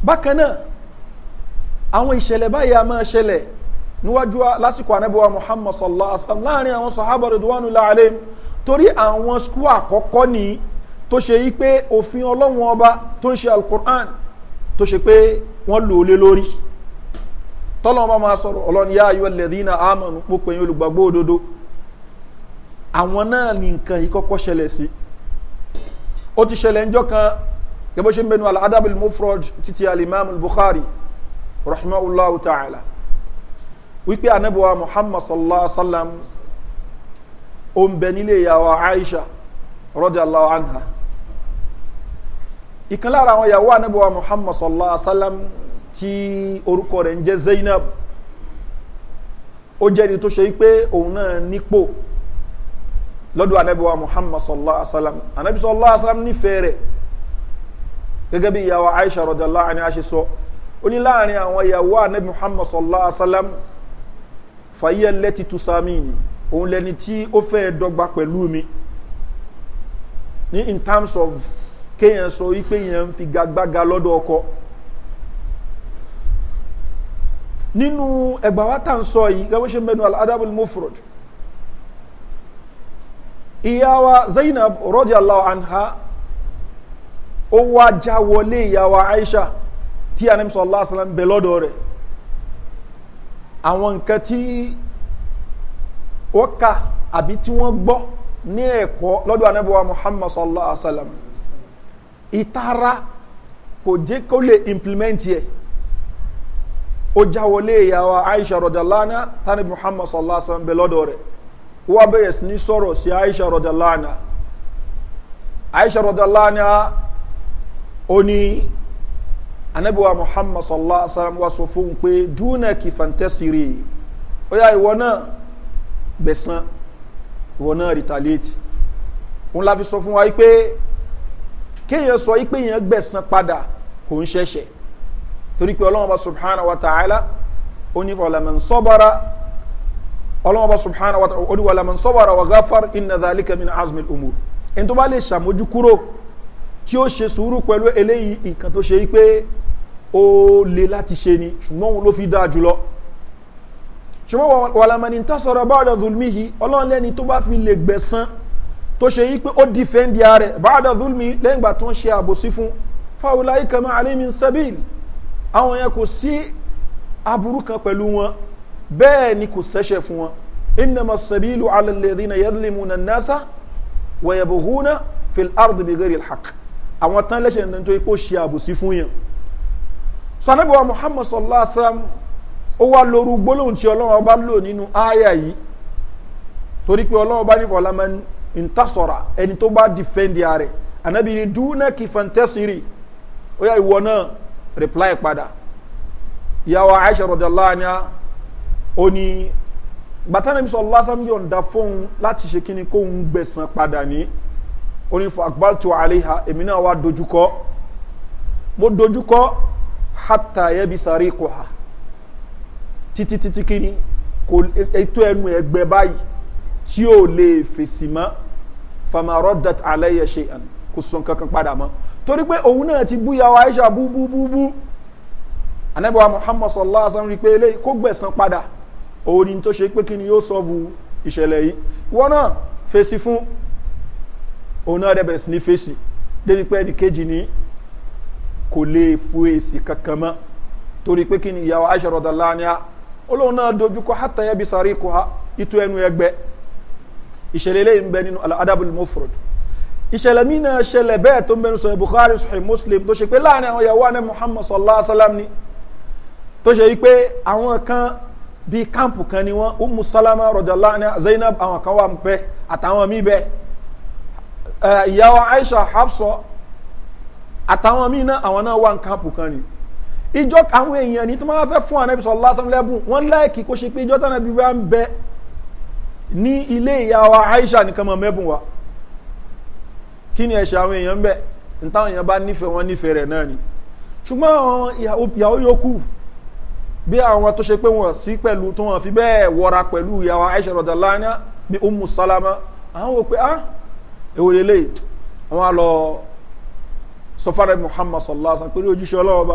bákan náà àwọn ìṣẹ̀lẹ̀ báyìí a máa ṣẹlẹ̀ níwájú lásìkò anábíwá muhammad sallallahu alaihi wa sallam láàrin àwọn sahaba ridwanu laalim torí àwọn skul àkọ́kọ́ ni tó ṣe yí pé òfin ọlọ́run ọba tó ń ṣe alukur'an tó ṣe pé wọ́n lò ó lé lórí tọ́lọ́ bá máa sọ̀rọ̀ ọlọ́ni yá ayọ́ lẹ́dínà àmọ̀nù pópò yín olùgbàgbọ́ òdodo àwọn náà ní nǹkan yìí kọ́kọ́ ṣẹlẹ̀ sí ó ti ṣẹlẹ̀ ńjọ́ kan gẹ́gẹ́ ṣe ń bẹnu aládábìl títí alimami bukhari rahimahullahu ta'ala wípé anabuwa muhammad sallallahu alaihi wa sallam ń bẹ nílé ìyàwó aisha rọ́jà allahu anha ìkan lára àwọn ìyàwó anábíwá muhammad sallallahu alaihi wa sallam tí orúkọ rẹ̀ ń jẹ́ zainab ó jẹ́ni tó ṣe pé òun náà nípò lọ́dọ̀ anábíwá muhammad sallallahu alaihi wa sallam anábí sallallahu alaihi wa sallam nífẹ̀ẹ́ rẹ̀ gẹ́gẹ́ bí ìyàwó aisha rọ̀dọ̀lá àni aṣe sọ ó ní láàrin àwọn ìyàwó anábí muhammad sallallahu alaihi wa sallam fàyẹ̀ lẹ́tì tùsàmìnì òun lẹni tí ó fẹ́ dọ́gba pẹ̀lú mi ní in terms of kéèyàn sọ wípé èèyàn ń fi gagbága lọ́dọ̀ ọkọ nínú ẹgbà wa tá à ń sọ yìí gẹ́gẹ́ ṣe mẹ́nu al-adabul mufrod ìyá wa zainab rọ́jà allah anha ó wá já wọlé ìyá wa aisha tí a nímsọ allah asalam bẹ lọ́dọ̀ rẹ̀ àwọn nǹkan tí wọ́n ka àbí tí wọ́n gbọ́ ní ẹ̀kọ́ lọ́dọ̀ anábọ̀wá muhammad sallallahu alaihi wa ìtara kò jẹ́ kó lè implement yẹ ó já ìyàwó aisha rọjàlánà tani muhammad sallallahu alaihi sallam bẹ lọ́dọ̀ rẹ̀ wọ́n bẹ̀rẹ̀ sí ní sọ̀rọ̀ sí aisha rọjàlánà aisha rọjàlánà ó ní anabiwa muhammad sallallahu alaihi sallam wa sọ fún un pé dúnà kìfàntẹ́sìrì ó yà ìwọ náà gbẹ̀sán ìwọ náà retaliate òun la sọ fún wa pé kéèyàn sọ yí pé èèyàn gbẹ̀sán padà kò ń ṣẹ̀ṣẹ̀ torí pé ọlọ́wọ́n bá subhanahu wa ta'ala onífọ̀lẹ́mọ̀ sọ́bara ọlọ́wọ́n bá subhanahu wa ta'ala onífọ̀lẹ́mọ̀ sọ́bara wa gáfar iná dàlíkà mi ní azmil umur ẹni tó bá lè ṣàmójú kúrò tí ó ṣe sùúrù pẹ̀lú eléyìí nǹkan tó ṣe yí pé ó le láti ṣe ni ṣùgbọ́n òun ló fi dáa jùlọ ṣùgbọ́n wàlámọ̀ ni tásọ̀rọ̀ bá ọ̀dọ̀ zulmihi ọlọ́run tó bá fi lè gbẹ̀sán tó ṣe yí pé ó dìfẹ́ǹdì ààrẹ báàdà zulmi lẹ́yìn ìgbà tó ń ṣe àbòsí fún fáwọlá ikẹ̀mọ́ alẹ́mi sẹ́bìl àwọn yẹn kò sí aburú kan pẹ̀lú wọn bẹ́ẹ̀ ni kò sẹ́ṣẹ̀ fún wọn inama sẹ́bìlù alẹ́lẹ́dínà yẹ́dìlímù nà nasa wẹ̀yẹ̀bùhúnà fil ardi bi gari alhaq àwọn tán lẹ́ṣẹ̀ ní tó ipò ṣe àbòsí fún yẹn sanabuwa muhammad sallallahu alaihi wa sallam ó wá lóru gbólóhùn tí ọlọ́run ọba lò nínú ááyà yìí torí pé ọlọ́run ọba nífọ̀ọ́ lamẹ́ni ntasọ̀ra ẹni tó bá dìfẹ́ndì ààrẹ anabi ni dúnà kí fantasiri ó yà ìwọ náà reply padà ìyàwó aisha rọ̀dàlá ni ó ní gbàtánà bisọ lásán yọ̀ǹda fóun láti ṣe kíni kóun gbẹ̀sán padà ní ó ní fún akbaltu aleha èmi náà wá dojúkọ mo dojúkọ hata yẹbi sáré kọ ha títí títí kíni kò ètò ẹnu ẹgbẹ báyìí tí ò lè fèsì mọ́ famarodat alayya shehan kò sọ kankan padà mọ́ torí pé òun náà ti búya wa aisha búbúbúbú anabiwa muhammad sallallahu alaihi wasallam sallam rí i pé eléyìí kó gbẹ̀sán padà òun ni tó ṣe pé kí ni yóò sọ́ọ̀bù ìṣẹ̀lẹ̀ yìí wọ́n náà fèsì fún òun náà rẹ̀ bẹ̀rẹ̀ sí ní fèsì débi pé ẹnì kejì ní kò lè fún èsì kankan mọ́ torí pé kí ni ìyàwó aisha rọ̀dàlá ni a olóhùn náà dojúkọ hàtàyẹ́bí sàrí kò ha ìtò ẹnu ẹgbẹ́ ìṣẹ̀lẹ̀ eléyìí ń bẹ nínú adábùl mufrod ìṣẹ̀lẹ̀ mí náà ṣẹlẹ̀ bẹ́ẹ̀ tó ń bẹnu sọ buhari sọ̀rọ̀ muslim tó ṣe pé láàrin àwọn ìyàwó àná muhammad sallallahu alayhi wa sallam ni tó ṣe yí pé àwọn kan bíi káàmpù kan ni wọ́n umu salama rọ̀jàlá ní zainab àwọn kan wà bẹ́ẹ̀ àtàwọn míì bẹ́ẹ̀ ìyàwó aisha hafsọ àtàwọn míì náà àwọn náà wà ní káàmpù kan ni ìjọ àwọn èèyàn ní tó máa fẹ́ fún ànábìsọ̀ lásán lẹ́bùn wọ́n láìkì kó ṣe pé ìjọ tánàbí bá ń bẹ́ẹ̀ ní ilé ìyá aisha nìkan mọ̀ mẹ́bùn wa kí ni ẹ̀ṣẹ̀ àwọn èèyàn bẹ̀ ní ba èèyàn bá nífẹ̀ẹ́ wọn nífẹ̀ẹ́ rẹ̀ náà ni ṣùgbọ́n àwọn ìyàwó yòókù bí àwọn tó ṣe pé wọ́n sí pẹ̀lú tó wọ́n fi bẹ́ẹ̀ wọra pẹ̀lú ìyá aisha rọ̀dà lánàá bí umu salama àwọn wò pé ah èwo lélẹ̀ àwọn àlọ́ sọfárẹ́ muhammad sallallahu pé ojúṣe ọlọ́wọ́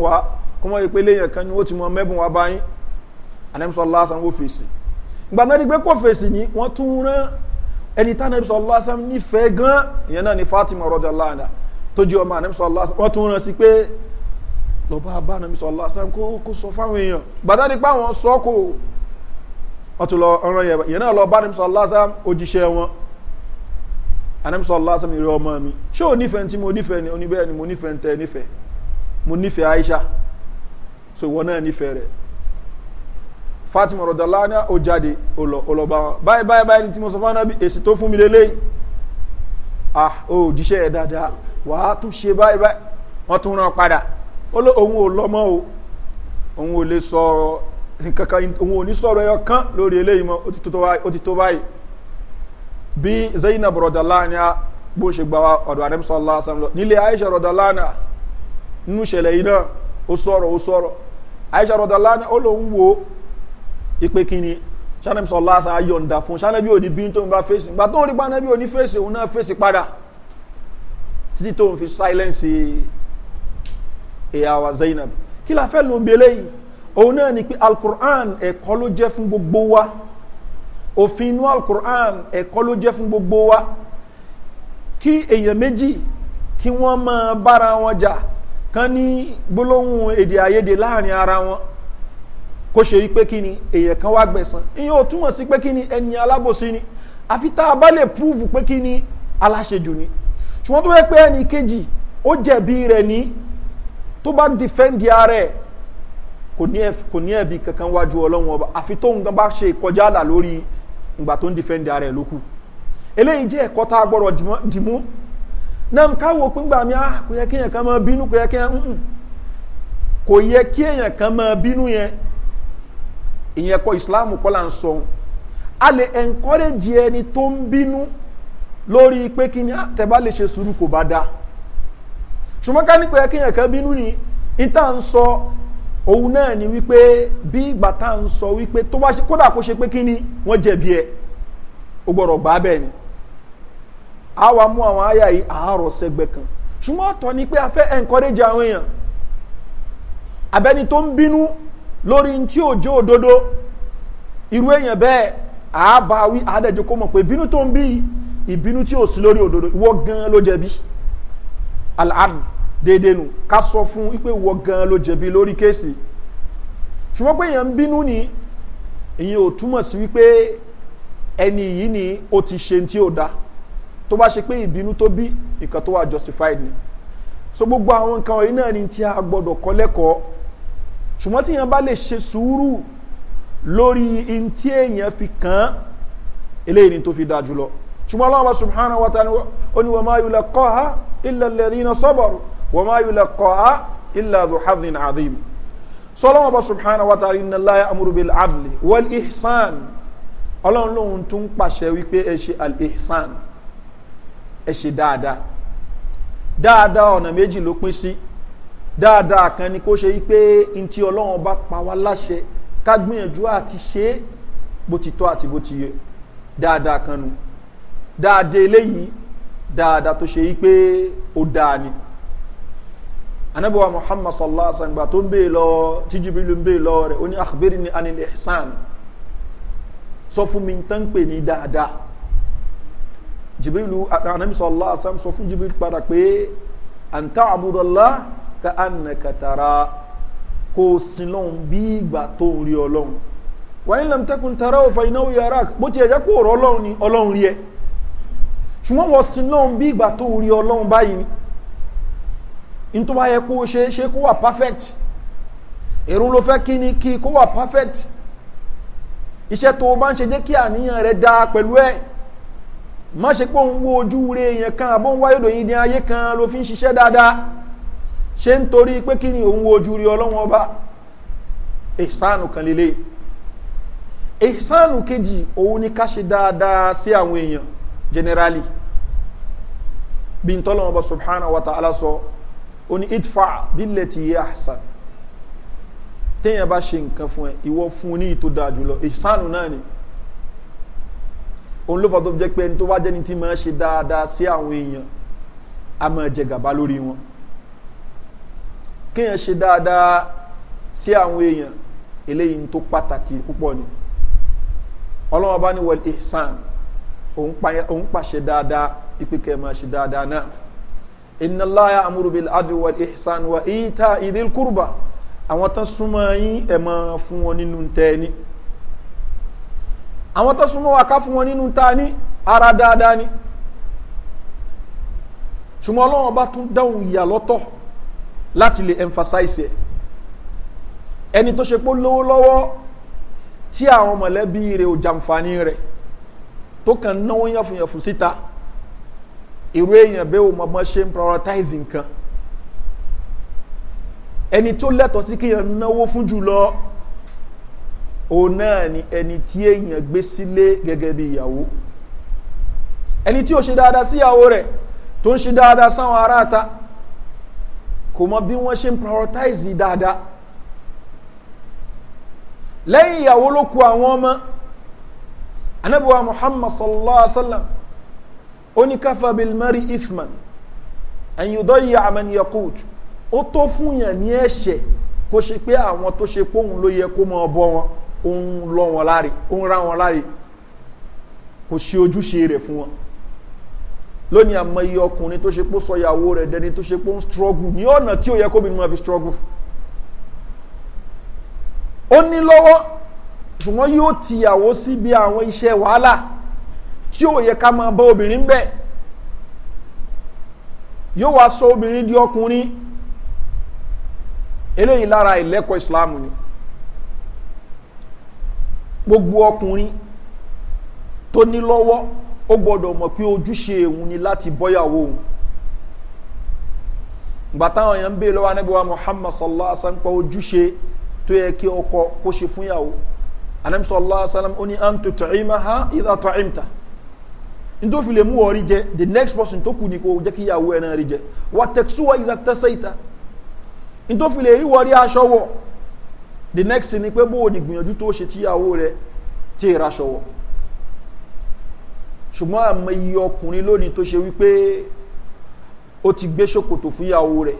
wa kọ́mọ́ ìpele yẹn kan ni ó ti mẹ́bùn wa anamisọ lásán ó fèsì gbàgbọ́n ni pé kò fèsì ni wọ́n tún rán ẹni tá anamisọ lásán nífẹ̀ẹ́ gan ìyẹn náà ni fatima rọjò lánàá tó jẹ́ ọmọ anamisọ lásán wọ́n tún rán sí pé lọ́ba bá anamisọ lásán kó sọ fáwọn èèyàn gbàdá ni pé àwọn sọ kò wọ́n tún lọ ọ̀ràn yẹn ìyẹn náà lọ bá anamisọ lásán òjíṣẹ́ wọn anamisọ lásán ìrẹ ọmọ mi ṣé ò nífẹ̀ẹ́ tí mo nífẹ̀ẹ́ ni oníbẹ̀ẹ́ ni mo nífẹ̀ẹ́ ń nífẹ̀ẹ́ mo nífẹ̀ẹ́ aisha so ìwọ náà nífẹ̀ẹ́ rẹ̀ fatima rọ̀dọ̀lá ní ó jáde ọlọ́ba wọn báyìí báyìí báyìí ni tí mo sọ fún anábì èsì tó fún mi lélẹ́yìn ah o díṣẹ́ ẹ̀ dáadáa wàá tún ṣe báyìí báyìí wọ́n tún ràn padà òun ò lọ́mọ́ o òun ò lè sọ̀rọ̀ nkankan òun ò ní sọ̀rọ̀ ẹyọ kan lórí eléyìí mọ́ ó ti tó báyìí bí zainab rọ̀dọ̀lá ní bó ṣe gba ọ̀dọ̀ àrẹ́mísọ́lá sàmúlọ nílé aisha rọ̀dọ̀lá náà nínú ìṣẹ̀lẹ̀ yìí náà ó sọ̀rọ̀ ó sọ̀rọ̀ aisha rọ̀dọ̀lá náà ó lòun wò ó ipe kini sanabi sọ lásán ayọ̀ǹda fún sanabi ò ní bí tóun bá fèsì ìgbà tó rí pa anabi ò ní fèsì òun náà fèsì padà títí tóun fi sáílẹ̀nsì ìyàwó zainab kí la fẹ́ ló ń belé yìí òun náà ni pé alukur'an ẹ̀kọ́ ló jẹ́ fún gbogbo wa òfin inú alukur'an ẹ̀kọ́ ló jẹ́ fún gbogbo wa kí èèyàn méjì kí wọ́n máa bára wọn jà kán ní gbólóhùn èdè àyèdè láàrin ara wọn kó ṣe pé kí ni èèyàn kan wá gbẹ̀sán ìyẹn ò túmọ̀ sí pé kí ni ẹni alábòsí ni àfi tá a bá lè púùfù pé kí ni aláṣejù ni ṣùgbọ́n tó yẹ pé ẹnì kejì ó jẹ̀bi rẹ̀ ní tó bá dìfẹ́ǹdì ara ẹ̀ kò ní ẹ̀bi kankan wájú ọlọ́run ọba àfi tó nǹkan bá ṣe ìkọjá àlà lórí ìgbà tó ń dìfẹ́ǹdì ara ẹ̀ lókù eléyìí jẹ́ ẹ̀kọ́ tá a gbọ́dọ̀ dìmú náà káwọ́ pínpà mi ah, kò yẹ kí èèyàn kan máa bínú kò yẹ kí èèyàn kan máa bínú yẹn ìyẹn kọ́ ìsìláàmù kọ́ a lè encourage ẹni tó ń bínú lórí pé kí ni ah, tẹ́bá lè ṣe sùúrù kò bá dáa ṣùgbọ́n ká nípa ni ìta ń sọ òun náà ni wípé bí ìgbà tá ń sọ wípé tó bá ṣe kódà kó ṣe pé kí ni wọ́n jẹ̀bi o gbọ́dọ̀ gbà bẹ́ẹ̀ ni a wá mú àwọn àyà yìí àárọ̀ kan ṣùgbọ́n ọ̀tọ̀ ni pé a fẹ́ encourage àwọn èèyàn abẹ́ni tó ń lórí tí ò jó òdodo irú èèyàn bẹ́ẹ̀ àábáwí àádẹ́jọ kó mọ̀ pé ìbínú tó ń bí ìbínú tí ò sí lórí òdodo ìwọ gan ló jẹbi alhadu déédéé nu ká sọ fún wípé ìwọ gan ló jẹbi lórí kéèsì ṣùgbọ́n pé èèyàn ń bínú ni èèyàn ò túmọ̀ sí wípé ẹni yìí ni ó ti ṣe tí ò da tó bá ṣe pé ìbínú tó bí ìkan tó wà justified ni so gbogbo àwọn nǹkan wọ̀nyí náà ni tí a gbọ́dọ̀ kọ́ lẹ́kọ̀ọ́ ṣùgbọ́n tí èèyàn bá lè ṣe sùúrù lórí in tí èèyàn fi kàn án eléyìí ni tó fi dáa jùlọ ṣùgbọ́n aláwọ̀ bá subhana wa ta ni wọ́n máa yùlẹ̀ kọ́ ha ilẹ̀ lẹ́dínà sọ́bọ̀rù wọ́n máa yùlẹ̀ kọ́ ha ilẹ̀ àdùhàdìn àdìm sọlọ́wọ́n bá subhana wa dáadáa kan ni kó ṣe yí pé n tí ọlọ́run bá pa wá láṣẹ ká gbìyànjú àti ṣe é bó ti tọ́ àti bó ti yẹ dáadáa kan nu dáadáa eléyìí dáadáa tó ṣe yí pé ó dáa ni anabiwa muhammad sallallahu alaihi wa sallam gba tó ń bèè lọ tí jibilu ń bèè lọ rẹ ó ní akhbiri ni anil ihsan sọ fún mi tán pè ní dáadáa jibilu anabi sallallahu alaihi wa sallam sọ fún jibilu padà pé àǹtá àbúdọ̀lá ka ànàkàtàrà kó sin lọ́hùn bí ìgbà tó ń rí ọlọ́hùn wàyí lam tẹkùn tara òfà iná òye iraq bó ti ẹ̀jẹ̀ kó rọ ọlọ́hùn ni ọlọ́hùn rí ẹ ṣùgbọ́n wọ́n sin lọ́hùn bí ìgbà tó ń rí ni n tó bá yẹ kó ṣe ṣe kó wà perfect èrún ló fẹ́ kí ni kí kó perfect iṣẹ́ tó o bá ń ṣe jẹ́ kí àníyàn rẹ̀ dáa pẹ̀lú ẹ̀ má ṣe wo ojú rẹ̀ èèyàn kan àbọ̀ ń wáyé lòyìn dín ayé kan ló fi ń ṣiṣẹ́ ṣe ń torí pé kí ni òun ojú rí ọlọ́wọ́n bá ìsánù kan lélé ìsánù kejì òun ni ká ṣe dáadáa sí àwọn èèyàn generally bí n tọ́lọ́wọ́n bá subhana wa ta'ala sọ ó ní itfa bílẹ̀ ti yé àṣàn téèyàn bá ṣe nǹkan fún ẹ ìwọ fún ní ìtò dáa jùlọ ìsánù náà ni òun ló fà tó fi jẹ́ pé ẹni tó wá jẹ́ni tí máa ṣe dáadáa sí àwọn èèyàn a máa jẹ gàba lórí wọn kéèyàn ṣe dáadáa sí àwọn èèyàn eléyìí tó pàtàkì púpọ̀ ni ọlọ́wọ́n bá ní wọlé ihsan òun pàṣẹ dáadáa ìpínkẹ́ máa ṣe dáadáa náà iná láyà amúrúbí adùwà ihsan wa ìta ìdíl kúrúbà àwọn tán súnmọ́ yín ẹ̀ máa fún wọn nínú tẹ́ni àwọn tán súnmọ́ wa ká fún wọn nínú ta ní ara dáadáa ni ṣùgbọ́n ọlọ́wọ́n bá tún dáhùn ìyàlọ́tọ̀ láti lè emphasize ẹ̀ ẹni tó ṣe pé lówó lọ́wọ́ tí àwọn mọ̀lẹ́bí rẹ̀ ò jàǹfààní rẹ̀ tó kàn náwó yànfùyànfù síta irú èèyàn bẹ́ẹ̀ o mọ̀mọ́ ṣe ń prioritize nǹkan ẹni tó lẹ́tọ̀ọ́ sí kéèyàn náwó fún jùlọ òun náà ni ẹni tí èèyàn gbé sílé gẹ́gẹ́ bí ìyàwó ẹni tí ò ṣe dáadáa síyàwó rẹ̀ tó ń ṣe dáadáa sáwọn aráàta kò mọ bí wọ́n ṣe ń prioritize dáadáa lẹ́yìn ìyàwó ló ku àwọn ọmọ anabiwa muhammad sallallahu alaihi wa sallam oníkàfà bilmari ithman ẹ̀yìndọ́yìí àmàlìyàkùt ó tó fún yàn ní ẹ̀ṣẹ̀ kó ṣe pé àwọn tó ṣe póhùn ló yẹ kó mọ ọbọ wọn òun lọ wọn láre òun ra wọn láre kò ṣe ojúṣe rẹ̀ fún wọn lónìí àmọye ọkùnrin tó ṣe pó sọyàwó rẹ̀ dẹni tó ṣe pó ń struggle ní ọ̀nà tí ó yẹ kóbi ni wọ́n fi struggle ó ní lọ́wọ́ ṣùgbọ́n yóò tìyàwó sí bí àwọn iṣẹ́ wàhálà tí ó yẹ ká máa bá obìnrin bẹ́ẹ̀ yóò wá sọ obìnrin di ọkùnrin eléyìí lára ìlẹ́kọ̀ọ́ ìsìláàmù ni gbogbo ọkùnrin tó ní lọ́wọ́ ó gbọ́dọ̀ mọ̀ pé ojúṣe òun ni láti bọ́yàwó òun ìgbà táwọn èèyàn ń bè lọ́wọ́ anábíwá muhammad sallallahu alaihi wasallam pa ojúṣe tó yẹ kí ọkọ kó ṣe fún yàwó anábí sallallahu alaihi wasallam ó ní à ń tutù ìmọ̀ ha ìdá tó ìmta n fi lè mú ọrí jẹ the next person tó kù ní kó jẹ́ kí yàwó ẹ̀ náà rí jẹ wà tẹ̀síwá ìdá tẹ́sẹ̀ ìta n tó fi lè rí wọrí aṣọ wọ̀ the next ni pé bó o ní gbìyànjú tó ṣe tíyàwó rẹ tí ì ṣùgbọ́n àmọ́ iye ọkùnrin lónìí tó ṣe wípé ó ti gbé ṣòkòtò fún ìyàwó rẹ̀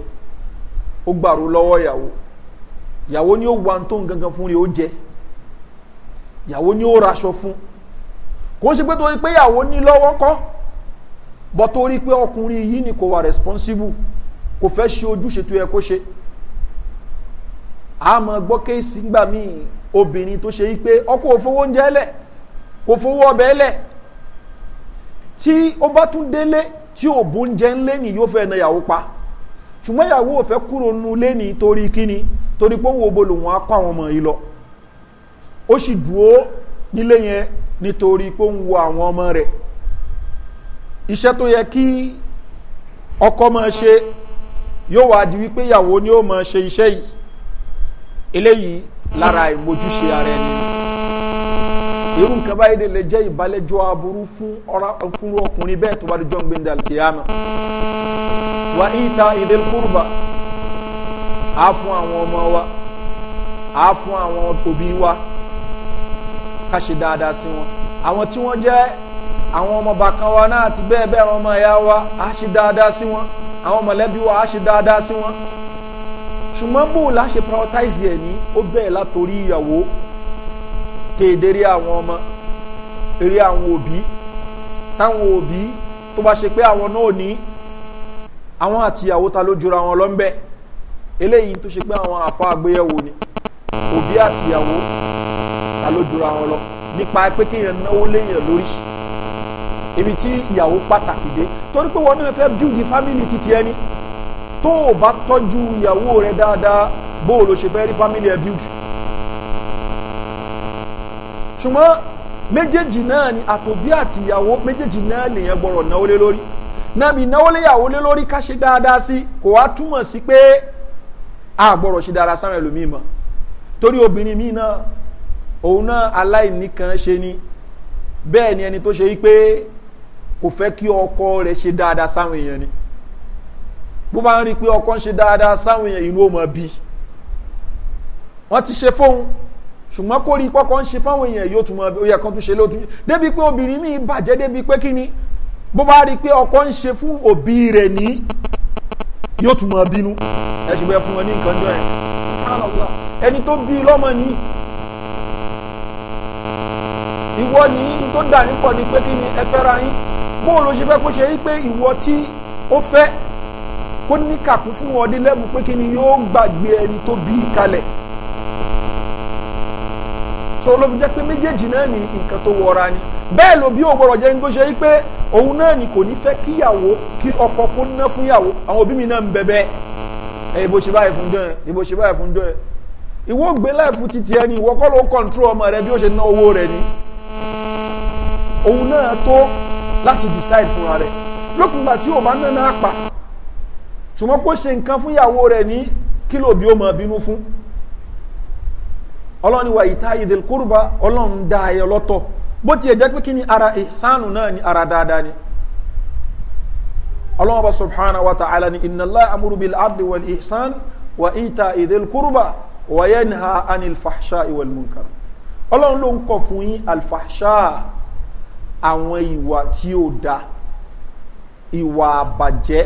ó gbàrú lọ́wọ́ ìyàwó ìyàwó ni ó wa tó ń gangan fún rẹ̀ ó jẹ ìyàwó ni ó raṣọ fún kò ń ṣe pé torí pé ìyàwó ní lọ́wọ́ kọ́ bọ́ torí pé ọkùnrin yìí ni kò wà responsible kò fẹ́ ṣe ojúṣe tó yẹ kó ṣe àmọ́ gbọ́ kéésì gbà míì obìnrin tó ṣe yí pé ọkọ̀ òfowó oúnjẹ lẹ̀ kò fowó ọbẹ̀ lẹ̀ tí ó bá tún délé tí òbún jẹ́ ń lé ní yóò fẹ́ na ìyàwó pa ṣùgbọ́n ìyàwó ò fẹ́ kúrò nú lé ní torí kíni torí pé òun òbò lòun á kọ́ àwọn ọmọ yìí lọ ó sì dúró nílé yẹn nítorí pé òun wo àwọn ọmọ rẹ̀ iṣẹ́ tó yẹ kí ọkọ máa ṣe yóò wá di wípé ìyàwó ni ó máa ṣe iṣẹ́ yìí eléyìí lára ìmójúṣe ara ẹni irú nǹkan báyìí de lè jẹ́ ìbálẹ́jọ́ aburú fún fún ọkùnrin bẹ́ẹ̀ tó bá di jọ́n gbẹ̀ndẹ̀ alikiyama wa ita idil kurba a fún àwọn ọmọ wa a fún àwọn òbí wa ká ṣe dáadáa sí wọn àwọn tí wọ́n jẹ́ àwọn ọmọ bàkan wa náà àti bẹ́ẹ̀ bẹ́ẹ̀ àwọn ọmọ ẹ̀yà wa a ṣe dáadáa sí wọn àwọn mọ̀lẹ́bí wa a ṣe dáadáa sí wọn ṣùgbọ́n bó o la prioritize ẹ̀ ní ó bẹ́ẹ̀ látòrí ìyàwó kéèdérí àwọn ọmọ eré àwọn òbí táwọn òbí tó bá ṣe pé àwọn náà ní àwọn àtìyàwó ta ló jura wọn lọ́nbẹ́ eléyìí tó ṣe pé àwọn àfọ àgbéyẹ̀wò ni òbí àtìyàwó ta ló jura wọn lọ nípa pé kéèyàn náwó léèyàn lórí ibi tí ìyàwó pàtàkì dé torí pé wọn náà fẹ́ bíúdi fámìlì títí ẹni tó o bá tọ́jú ìyàwó rẹ dáadáa bó ṣe fẹ́ rí fámìlì ẹ bíúdi ṣùgbọ́n méjèèjì náà ni àtòbí àti ìyàwó méjèèjì náà lèyàn gbọ́rọ̀ náwó lé lórí nàbì náwó léyàwó lé lórí ká ṣe dáadáa sí kò wá túmọ̀ sí pé a gbọ́rọ̀ ṣe dáadáa sáwọn ẹlòmíì mọ́ torí obìnrin míì náà òun náà aláìní kan ṣe ni bẹ́ẹ̀ ni ẹni tó ṣe wípé kò fẹ́ kí ọkọ rẹ̀ ṣe dáadáa sáwọn èèyàn ni bó bá ń rí i pé ọkọ ń ṣe dáadáa sáwọn èèyàn inú ó mọ bí wọ́n ti ṣe fóun ṣùgbọ́n kó rí pọ́kọ́ ń ṣe fáwọn èèyàn yóò tún mọ oyè kan tún ṣe lóòtú débi pé obìnrin míì bàjẹ́ débi pé kíni bó bá rí pé ọkọ ń ṣe fún òbí rẹ̀ ní yóò tún mọ bínú ẹ ṣe bẹ́ẹ̀ fún wọn ní nǹkan jọ ẹ̀ ẹni tó bí lọ́mọ ní ìwọ ní tó dà ní pọ̀ ní pé kíni ẹ fẹ́ra yín bóun ló ṣe fẹ́ kó ṣe yí ìwọ tí ó fẹ́ kó ní kàkú fún wọn lẹ́bù pé kíni yóò gbàgbé ẹni tó bí kalẹ̀ so ló fi jẹ́ pé méjèèjì náà ni nǹkan tó wọra ni bẹ́ẹ̀ ló bí òwúrọ̀ jẹ́ ní tó ṣe pé òun náà ni kò ní fẹ́ kíyàwó kí ọkọ kó ná fún yàwó àwọn òbí mi náà ń bẹ̀bẹ̀ ẹ ibo ṣe báyìí fún jọ ẹ ibo ṣe báyìí fún jọ ẹ ìwọ gbé láìfù títí ẹni ìwọ kọ́ ló ń kọ̀ǹtró ọmọ rẹ bí ó ṣe ná owó rẹ ni òun náà tó láti decide fúnra rẹ lókùngbà tí ò bá náà náà pa ṣùgbọ́n kó ṣe nǹkan fún yàwó rẹ ní kílò bí ó mọ̀ bínú fún ọlọ́ni wa ìta ìdìl kúrúbà ọlọ́run dá ayẹ lọ́tọ̀ bó tiẹ̀ jẹ́ pé kí ni ara ìsánù náà ni ara dáadáa ni ọlọ́run bá subhanahu wa ta'ala ni ìnàlá amúrúbìl abdi wal ìsán wa ìta ìdìl kúrúbà wa yẹn ha anil fàṣà ìwàl munkar ọlọ́run ló ń kọ fún yín alfàṣà àwọn ìwà tí ó da ìwà àbàjẹ́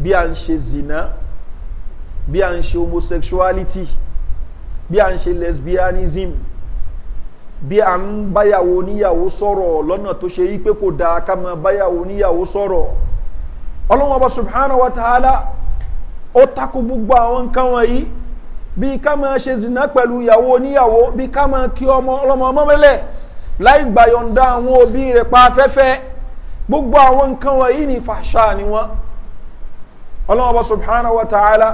bí a ń ṣe zina bí a ń ṣe homosexuality bí a ń ṣe lesbianism bí a ń báyàwó oníyàwó sọ̀rọ̀ lọ́nà tó ṣe yí pé kò dáa ká mọ báyàwó oníyàwó sọ̀rọ̀ ọlọ́wọ́n ọba subhanahu wa ta'ala ó takò gbogbo àwọn nǹkan wọ̀nyí bí ká mọ ṣe zina pẹ̀lú ìyàwó oníyàwó bí ká mọ kí ọmọ ọlọ́mọ ọmọ mẹ́lẹ̀ láì gbàyọ̀ǹda àwọn òbí rẹ̀ pa afẹ́fẹ́ gbogbo àwọn nǹkan wọ̀nyí ni fàṣà ni wọ́n ọlọ́wọ́n ọba subhanahu wa ta'ala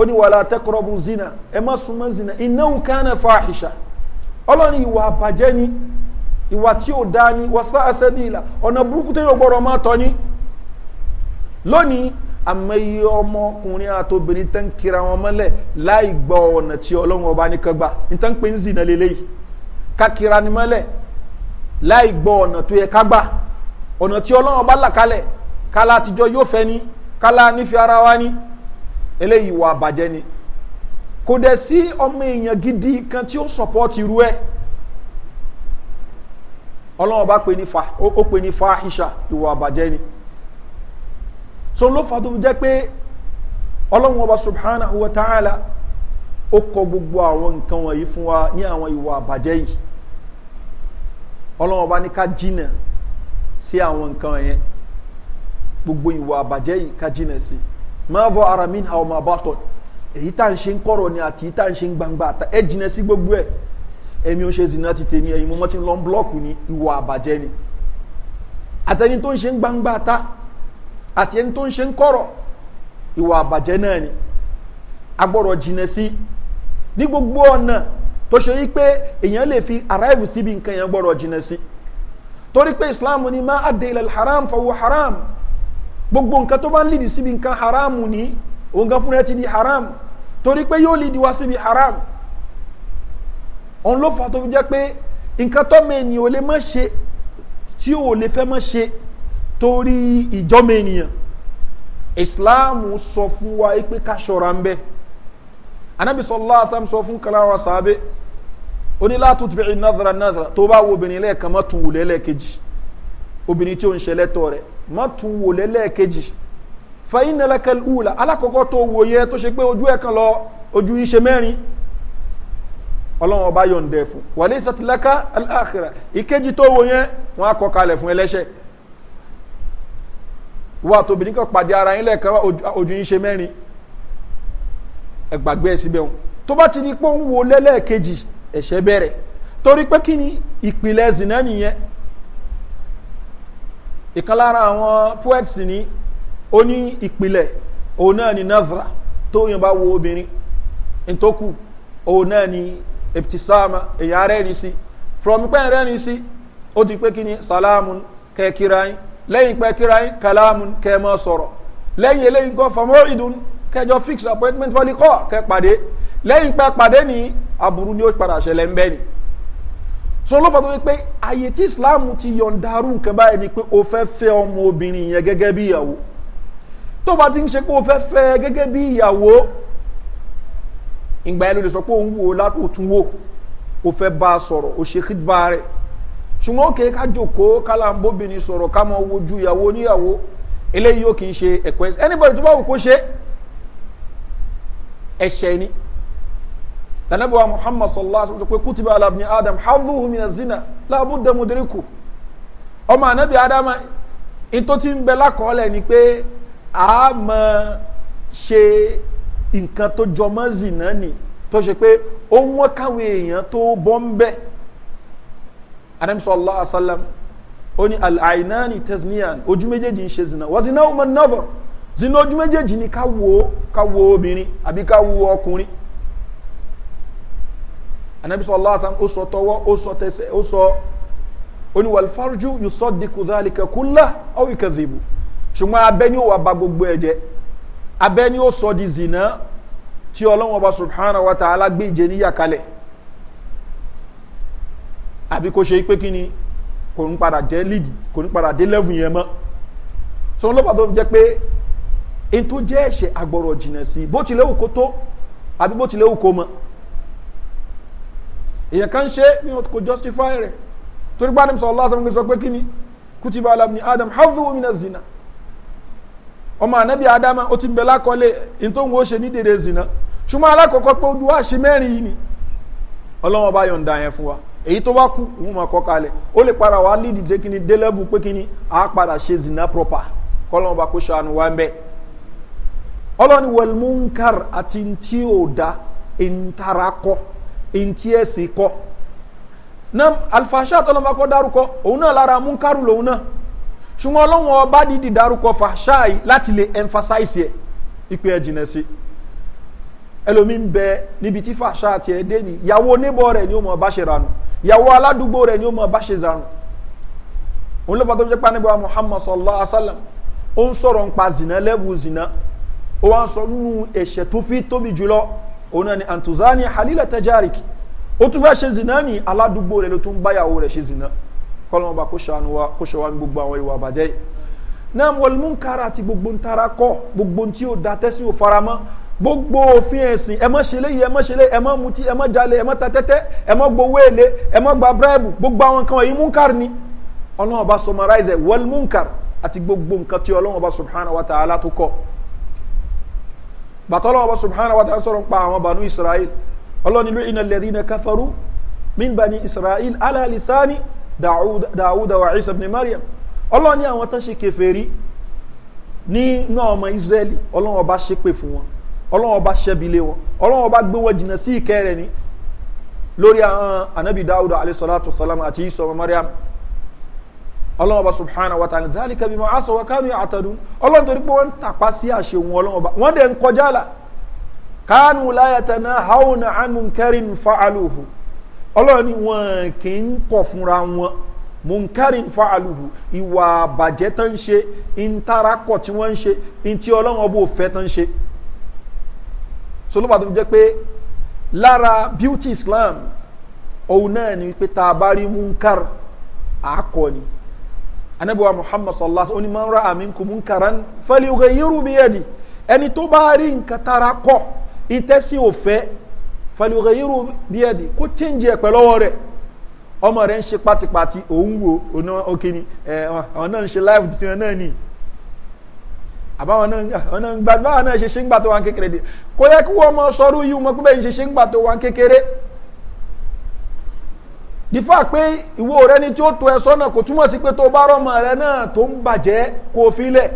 ó ní wàhálà tẹ́kọ̀rọ̀bù zina ẹ má súnmọ́ zina iná kánà fàáhìṣà ọlọ́ni ìwà àbàjẹ́ ni ìwà tí ò dá ni wọ́n sá ẹsẹ̀ ní ìlà ọ̀nà burúkú tó yóò gbọ́dọ̀ máa tọ́ ni lónìí àmọye ọmọkùnrin àtobìnrin tán kira wọn mọ́lẹ̀ láì gbọ́ ọ̀nà tí ọlọ́run ọba ní kẹgbà nítorí pé ń zina lélẹ́yìí ká ni mọ́lẹ̀ láì gbọ́ ọ̀nà tó yẹ ká ọ̀nà tí ọlọ́run ọba là kalẹ̀ kálá àtijọ́ yóò fẹ́ ni kálá nífi ara wa ni. eléyìí iwa bàjẹ́ ni kò si sí ọmọ èèyàn gidi kan tí ó sọ̀pọ̀tì irú ẹ̀ ọlọ́run bá pè ní fa ó pè ní fáhíṣà ìwà àbàjẹ́ ni so ló fa tó jẹ pé ọlọ́run ọba subhanahu wa ta'ala ó kọ gbogbo àwọn nǹkan wọ̀nyí fún wa ní àwọn ìwà àbàjẹ́ yìí ọlọ́run ọba ní ká jìnà sí àwọn nǹkan yẹn gbogbo iwa àbàjẹ́ yìí ká jìnà sí máa vọ ara mi àwọn máa bá tọ̀ èyí tá à ń ṣe ń kọ̀rọ̀ ni àti èyí tá à ń ṣe ń gbangba àtà ẹ jìnà sí gbogbo ẹ̀ èmi ò ṣe zina ti tèmi ẹ̀yin mo mọ́ ti ń lọ búlọ́ọ̀kù ni ìwà àbàjẹ́ ni àtẹni tó ń ṣe ń gbangba àtà àti ẹni tó ń ṣe ń kọ̀rọ̀ ìwà náà ni agbọ́dọ̀ jìnà sí ní gbogbo ọ̀nà tó ṣe yí pé èèyàn lè fi arrive síbi nǹkan yẹn gbọ́dọ̀ jìnà sí torí pé islam ni má adé ilẹ̀ haram fọwọ́ haram gbogbo nǹkan tó bá ń lìdí síbi nǹkan haramu ní òun fúnra ti di haram torí pé yóò lìdí wá síbi haram òun ló fà tó fi jẹ́ pé nǹkan tọ́mọ ènìyàn ò lè mọ́ ṣe tí ò lè fẹ́ mọ́ ṣe torí ìjọ́mọ ènìyàn islam sọ fún wa pé ká ṣọra ń bẹ́ anabi sọlá asam sọ fún kalára sàábé onílà tó tibẹ̀ nadra nadra tó bá wo obìnrin lẹ́ẹ̀kan mọ́ tún wù lẹ́ẹ̀kejì obìnrin tí ò ń ṣẹlẹ́tọ̀ rẹ̀ má tún wò lẹ́lẹ́ẹ̀kejì fẹ́yìn lẹ́lẹ́kẹ́lì ùlà alákọ̀ọ́kọ́ tó wò yẹ tó ṣe pé ojú ẹ̀ kan lọ ojú iṣẹ́ mẹ́rin ọlọ́run ọba yọ̀ǹdẹ̀ fún wàlé ìsàtìlákà aláàkìrà ìkejì tó wò yẹn wọn á kọ kalẹ̀ fún ẹlẹ́ṣẹ̀ wà tóbi níkan pàdé ara yín lẹ́ẹ̀kan ojú iṣẹ́ mẹ́rin ẹgbàgbé síbẹ̀ wọn tó bá ti di pé ń wo lẹ́lẹ́ẹ̀kejì ẹ̀ṣẹ̀ bẹ̀rẹ̀ torí pé kí ni ìpìlẹ̀ zìnnà nìyẹn ìkan lára àwọn poets ní ó ìpìlẹ̀ òun náà ni nazra tó yẹn bá wo obìnrin ntókù òun náà ni ebtisama èyàn rẹ́ni sí from pẹ́ rẹ́ni sí ó ti pé kí ni salamun kẹ́kíra yín lẹ́yìn pẹ́ kíra yín kalamun kẹ́mọ́ sọ̀rọ̀ lẹ́yìn eléyìí gan fọmọ́ ìdùn kẹjọ fix appointment fọ́líkọ́ kẹ́ pàdé lẹ́yìn pẹ́ pàdé ní aburú ni ó padà ṣẹlẹ̀ ń bẹ́ẹ̀ ni so ló fà tó pé àyè tí islam ti yọ̀ǹda arú nǹkan báyìí ni pé o fẹ́ fẹ́ ọmọ obìnrin yẹn gẹ́gẹ́ bí ìyàwó tó bá ti ń ṣe pé o fẹ́ fẹ́ gẹ́gẹ́ bí ìyàwó ìgbà yẹn ló lè sọ pé òun wò látòtún wò o fẹ́ bá a sọ̀rọ̀ o ṣe hídbà rẹ̀ ṣùgbọ́n òkè ká jòkóó kálá ń bóbìnrin sọ̀rọ̀ ká mọ wojú ìyàwó oníyàwó eléyìí ó kì í ṣe ẹ̀kọ́ anybody lànàbíwá muhammad sallallahu alaihi wa sallam pé kútìbà alabni adam havuhu mina zina làbúdà mudiriku ọmọ anabi adama ètò tí ń bẹ lákọọlẹ ni pé a mọ ṣe nǹkan tó jọmọ zina ni tó ṣe pé ó wọ́n káwé èèyàn tó bọ́ ń bẹ́ anabi sallallahu alaihi wa sallam ó ní al'ainani tasniyan ojú méjèèjì ń ṣe zina wọ́n zina ọmọ náà zina ojú méjèèjì ni ká wo obìnrin àbí ká wo ọkùnrin anabi sọ allah asan ó sọ tọwọ ó sọ tẹsẹ ó sọ oníwàlfàrújú yóò sọ dìkù dálìkà kúlá ọwọ́ ìkẹzìbù ṣùgbọ́n abẹ́ ni ó wà bá gbogbo ẹ̀jẹ̀ abẹ́ ni ó sọ di zina tí ọlọ́wọ́n ọba subhanahu wa ta'ala gbé ìjẹ níyà kalẹ̀ àbí kó ṣe pé kí ni kò ní padà jẹ́ lead kò ní padà dé level yẹn mọ́ sọ lọ́pàá tó fi jẹ́ pé n jẹ́ ẹ̀ṣẹ̀ agbọ̀rọ̀ jìnnà sí bó tilẹ̀ wù kó tó àbí bó tilẹ̀ wù kó mọ́ èèyàn kan ṣe ní kò justify rẹ̀ torí pé àdàmùsọ̀ ọlọ́sàn sọ pé kí ni kùtìbà alamni adam hafu mina zina ọmọ anabi adama ó ti ń bẹ lákọlé ntòhun ó ṣe ní dèrè zina ṣùgbọ́n alákọ̀ọ́kọ́ pé odò wa ṣe mẹ́rin yìí ni ọlọ́wọ́n bá yọ̀ǹda yẹn fún wa èyí tó bá kú òun máa kọ́ kalẹ̀ ó lè para wa lead jẹ́ kí ni dé level pé kí ni a padà ṣe zina proper kọ́lọ́wọ́n bá kó ṣàánú wa ń bẹ́ ọlọ́ni wẹ̀lmúnkàr àti ntí ò da ìntarakọ́ ntí ẹ̀sìn kọ́ náà alifasha tọ́lọ́mọ kọ́ dárúkọ òun náà lára múnkárù lòun náà ṣùgbọ́n ọlọ́wọ́n ọba dídì dárúkọ fàṣà yìí láti lè emphasize ẹ̀ ìpè ẹ̀ jìnà sí ẹlòmí ń bẹ níbi tí fàṣà àti ẹ̀ dé ni ìyàwó oníbọ̀ rẹ̀ ni ó mọ̀ bá ṣe ranù ìyàwó aládùúgbò rẹ̀ ni ó mọ̀ bá ṣe zanù òun ló fà tó jẹ́ pánibọ̀ muhammad sallallahu alaihi wa sallam ó ń sọ̀rọ̀ ń pa zìnà lẹ́bù zìnà ó wá ń sọ nínú ẹ̀ṣẹ̀ tó fi tóbi jùlọ òun náà ni antuzani halila tajarik ó tún fẹ́ ṣe zina ní aládùúgbò rẹ̀ ló tún báyàwó rẹ̀ ṣe zina kọ́lọ́mọ bá kó ṣàánú wa kó ṣọwá ní gbogbo àwọn ìwà àbàdẹ́ náà wọlmúnkara àti gbogbo ntara kọ gbogbo tí ó da tẹ́sí ò faramọ́ gbogbo òfin ẹ̀sìn ẹ mọ́ ṣẹlẹ̀ yìí ẹ mọ́ ṣẹlẹ̀ mutí ẹ jalè ẹ mọ́ ta gbowó èlé ẹ gba bíráìbù gbogbo àwọn nǹkan wọ̀nyí múnkar ni ọlọ́wọ́n bá summarize wọlmúnkar àti gbogbo nǹkan tí ọlọ́wọ́n bá subhanahu wa ta'ala tó kọ́ bàtọ́lọ́ ọba subhanahu wa ta'ala sọ̀rọ̀ pa àwọn banu israel ọlọ́nilú iná lẹ́dí na káfàrú min bani israel alalisani dawuda wa isa bin mariam ọlọ́ni àwọn tán ṣe kẹfẹ́rí ní náà ọmọ israeli ọlọ́wọ́ bá ṣépè fún wọn ọlọ́wọ́ bá ṣẹ́bilé wọn ọlọ́wọ́ bá gbé wọn jìnnà sí ìkẹrẹ ni lórí àwọn anabi dawuda alayhi salatu salam àti isa mariam ọlọ́wọ́ba subhanahu wa ta'ala dhalika bima aso wa kanu ya'tadun ọlọ́run torí pé wọ́n ń tàpá sí àṣehun ọlọ́wọ́ba wọ́n dẹ̀ ń kọjá là kanu la yatanahawna an munkarin fa'aluhu ọlọ́run ni wọ́n kì í kọ̀ fúnra wọn munkarin fa'aluhu ìwà àbàjẹ́ tó ń ṣe ìntarakọ̀ tí wọ́n ń ṣe ìntí ọlọ́run ọba òfẹ́ tó ń ṣe solomon tó pé lára beauty islam òun náà ni pé tá a bá rí munkar àákọ́ ni anabiwa muhammad sallallahu alaihi wa sallam onimọ̀nra aminku munkaran fali oge yiru bi yadi ẹni tó bá rí nǹkan tara kọ ìtẹ́sí òfẹ́ fali oge yiru bi yadi kó change ẹ̀ pẹ̀lú ọwọ́ rẹ̀ ọmọ rẹ̀ ń ṣe pátipáti òun wo ọ̀nà òkèni ẹ̀ àwọn náà ń ṣe live tiwọn náà ni àbáwọn náà ọ̀nà gbàgbà náà ṣe ṣe ń gbà tó kékeré de kó yẹ kí wọ́n mọ sọ́rú yìí wọn pé bẹ́ẹ̀ ń ṣe ṣe ń gbà tó kékeré. di fact pé ìwọ rẹ ni tí ó tọ́ ẹ sọ́nà kò túmọ̀ sí pé tó bá rọ́mọ rẹ náà tó ń bàjẹ́ kó fi lẹ̀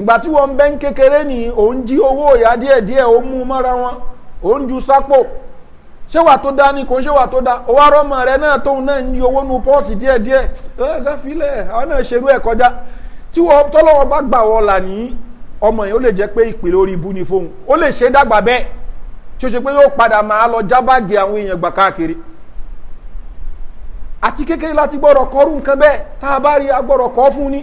ìgbà tí wọ́n bẹ́ ń kékeré ní òun jí owó ìyá díẹ̀díẹ̀ ó mú mọ́ra wọn òun ju sápò ṣéwà tó dá ní kò ń tó rẹ náà tóun náà nu pọ́ọ̀sì ká fi lẹ̀ àwọn náà ṣerú ẹ̀ kọjá tí tọ́lọ́wọ́ bá gbà là ní ọmọ ó lè jẹ́ pé ìpè lórí ni fóun ó lè ṣe é dàgbà bẹ́ẹ̀ tí ó ṣe pé yóò padà àti kékeré láti gbọ́dọ̀ kọ́rù nǹkan bẹ́ẹ̀ tá a bá rí agbọ́dọ̀ kọ́ fún ni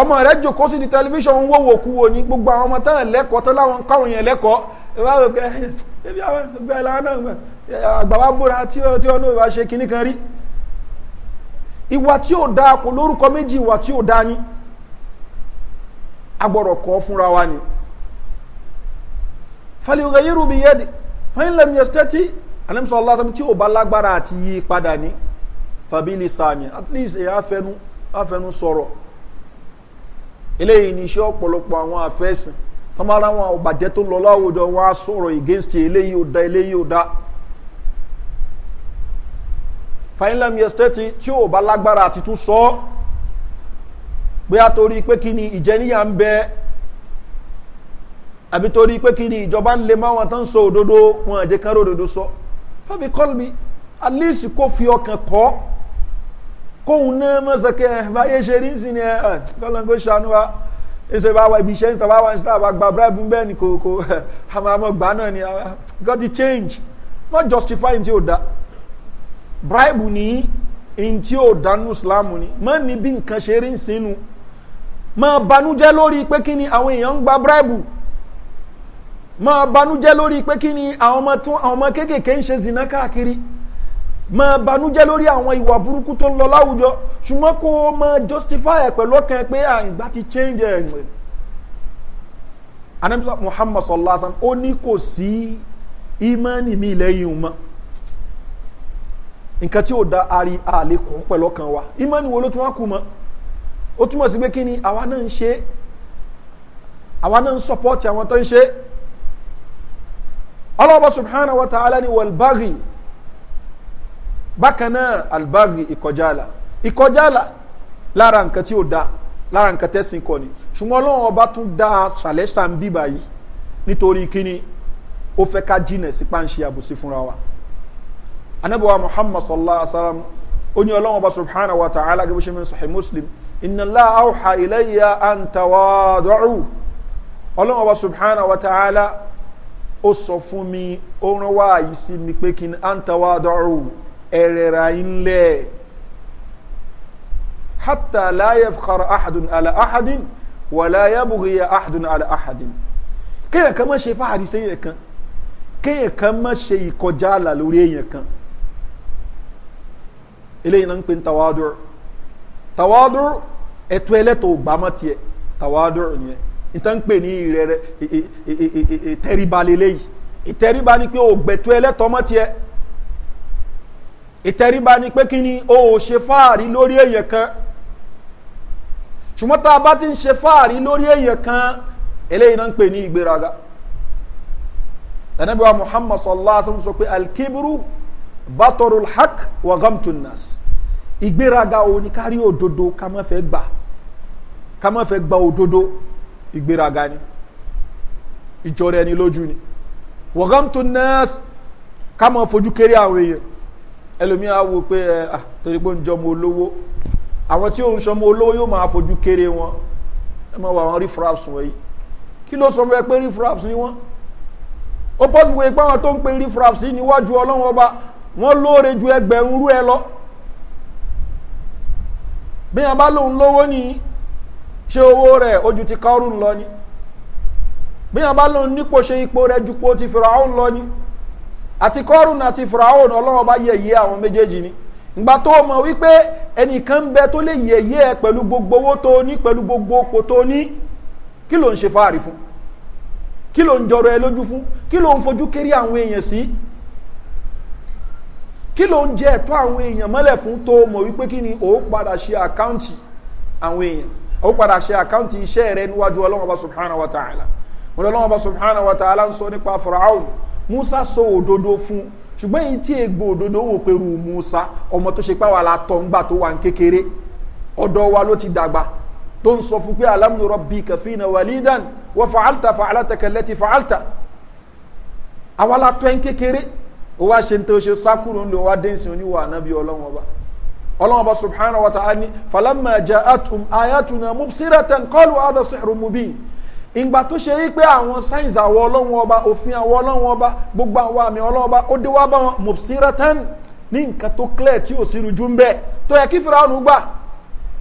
ọmọ rẹ jòkó sí di tẹlifíṣàn ń wòwò kú ni gbogbo àwọn ọmọ táwọn lẹ́kọ̀ọ́ tó láwọn káwọn yẹn lẹ́kọ̀ọ́ ẹ eh, bá ẹbí àwọn náà wa bóra tí ó tí ó náà ṣe kan rí ìwà tí ò kò lórúkọ méjì ìwà tí ò ni agbọ́dọ̀ kọ́ fúnra wa ni anamsọ ọlọ́sọ̀mí tí ò bá lágbára àti yí padà ní fabili sani at least èyí afẹnu afẹnu sọ̀rọ̀ eléyìí ní iṣẹ́ ọ̀pọ̀lọpọ̀ àwọn afẹ́sìn tọ́mọ́ra wọn ọ̀bàjẹ́ tó lọ láwùjọ wọn á sọ̀rọ̀ against eléyìí ò da eléyìí ò da fainlam yesteti tí ò bá lágbára àti tún sọ bóyá torí pé kí ni ìjẹniyà ń bẹ àbí torí pé kí ni ìjọba ń le máwọn tán sọ òdodo wọn àjẹkánrò òdodo sọ. So fẹ́mi kọ́lùmí at least kó fi ọkàn kọ́ kóhun náà mọ́ sọ pé ẹ eh, báyé ṣe rí sí ni ẹ eh, eh, kọ́lọ́ngó ṣàánú wa ẹsẹ̀ bá wa ibi iṣẹ́ ìsọ̀ bá wa ṣe náà gba bribe bẹ́ẹ̀ ni kò kò àmọ́ àmọ́ gbà náà ni because ah, it change not justifying tí ó da bribe ní in tí ó islam ni mọ́ ní bí nǹkan ṣe rí sínú máa banújẹ́ lórí pé kí ni àwọn èèyàn ń gba bribe máa banújẹ́ lórí pé kí ni àwọn ọmọ tí àwọn ọmọ kéékèèké ń ṣe zina káàkiri máa banújẹ́ lórí àwọn ìwà burúkú tó ń lọ láwùjọ ṣùgbọ́n kó o máa justify ẹ̀ pẹ̀lú ọkàn pé àìgbà ti change ẹ̀ anamisa muhammad sallallahu alaihi wa sallam ó ní kò sí ìmánì mi lẹ́yìn mọ́ nǹkan tí ó da ari àlè kọ́ pẹ̀lú ọkàn wa ìmánì wo ló tún wá kú mọ́ ó túmọ̀ sí pé kí ni àwa náà ń ṣe àwa náà ń support àwọn tó ń ṣe é ọlọ́ọ̀bá subhanahu wa ta'ala ni walbaghi bákan náà albaghi ìkọjáàlà ìkọjáàlà lára nǹkan tí ó da lára nǹkan tẹ́sìn kọ ni ṣùgbọ́n ọlọ́run ọba tún dá ṣàlẹ́ṣà ń bíbà yìí nítorí kíni ó fẹ́ ká jìnà sí páńṣe àbòsí fúnra wa anabiwa muhammad sallallahu alaihi wa sallam ó ní ọlọ́run ọba subhanahu wa ta'ala gẹ́gẹ́ bí ṣe mi sọ̀hìn muslim ìnàlá àwòhà ilẹ̀ yà àǹtàwádọ́rù ọlọ́run ọba subhanahu wa ta'ala ó sọ fún mi ó rán wáàyí sí mi pé kí ni antawa dọ́rù ẹ̀rẹ̀ra ilẹ̀ hatta láyé fukara ahadun ala ahadin wà láyé buhiya ahadun ala ahadin kéèyàn kan má ṣe fáhàrí sí èèyàn kan kéèyàn kan má ṣe ìkọjá àlà lórí èèyàn kan eléyìí náà ń pè ní tawadur tawadur ẹ̀tọ́ ẹlẹ́tọ̀ ò bá mọ́ tiẹ̀ tawadur nìyẹn ìtàn ń pè ní ìrẹ̀rẹ̀ ìtẹríba lélẹ́yìí ìtẹríba ni pé o gbẹ̀tú ẹlẹ́tọ́ mọ́ tiẹ̀ ìtẹríba ni pé kí ni o ò ṣe fáàrí lórí èèyàn kan ṣùgbọ́n tá a bá ti ń ṣe fáàrí lórí èèyàn kan eléyìí náà ń pè ní ìgbéraga ẹ̀nẹ́bíwá muhammad sallallahu alaihi wa sallam sọ pé alkibru batorul haq wa gamtunas ìgbéraga òní kárí òdodo ká má fẹ́ gbà ká má fẹ́ òdodo ìgbéraga ni ìjọra ẹni lójú ni wọ̀gán tó nẹ́ẹ̀sì ká mọ̀ fojú kéré àwọn èèyàn ẹlòmíà wo pé ẹ torí pé ń jọmọ olówó àwọn tí òun sọmọ olówó yóò máa fojú kéré wọn ẹ mọ̀ wọ àwọn rifraps wọ̀nyí kí ló sọ fún pé rifraps ni wọn ó pọ́sibú pé àwọn tó ń pe rifraps yìí níwájú ọlọ́run ọba wọ́n lóore ju ẹgbẹ̀rún rú ẹ lọ bí wọn bá lóun lówó nìyí ṣé owó rẹ̀ ojú ti kọ́rùn lọ ní bí wọn bá lọ nípò ṣe ipò rẹ ju po ti fìràhùn lọ ní àti kọ́rùn àti fìràhùn ọlọ́run bá yẹ yẹ̀yẹ́ àwọn méjèèjì ni ìgbà tó mọ̀ wípé ẹnìkan bẹ tó lè yẹ̀yẹ́ ẹ pẹ̀lú gbogbo owó tó ní pẹ̀lú gbogbo opo tó ní kí ló ń ṣe fáàrí fún kí ló ń jọrọ ẹ lójú fún kí ló ń fojú kéré àwọn èèyàn sí kí ló ń jẹ ẹ̀tọ́ àwọn èèyàn mọ́lẹ̀ fún tó mọ̀ wípé kí ni òun padà ṣe àkáǹtì àwọn èèyàn ó padà ṣe àkáǹtì iṣẹ́ rẹ níwájú ọlọ́wọ́ba subhana wa ta'ala wọn lọ́wọ́ba subhana wa ta'ala ń sọ nípa faraun musa sọ òdodo fún ṣùgbọ́n èyí tí egbò òdodo wò pé musa ọmọ tó ṣe páwa la tó wà ń kékeré ọ̀dọ́ wa ló ti dàgbà tó ń sọ fún pé alámúlò rọ̀bì kàfínà wàlídàn wọ́n fàáltà fàáltà kẹlẹ́tì fàáltà àwa ń kékeré ó wá ṣe ń tó ṣe sákúrò ńlò wá dé ìsìn oníwà ànábì ọlọ́wọ́n ọlọ́wọ́n bá subhanahu wa ta'ala ni falama ja atum ayatuna mubsiratan kọlu ada sihru mubin ìgbà tó ṣe yí pé àwọn sáyẹ̀nsì àwọ̀ ọlọ́wọ́n ọba òfin àwọ̀ ọlọ́wọ́n ọba gbogbo àwọn àmì ọlọ́wọ́n ọba ó dé wá bá wọn mubsiratan ní nǹkan tó clear tí ò sí rújú ń bẹ́ẹ̀ tó yẹ kí fìrà ọ̀nù gbà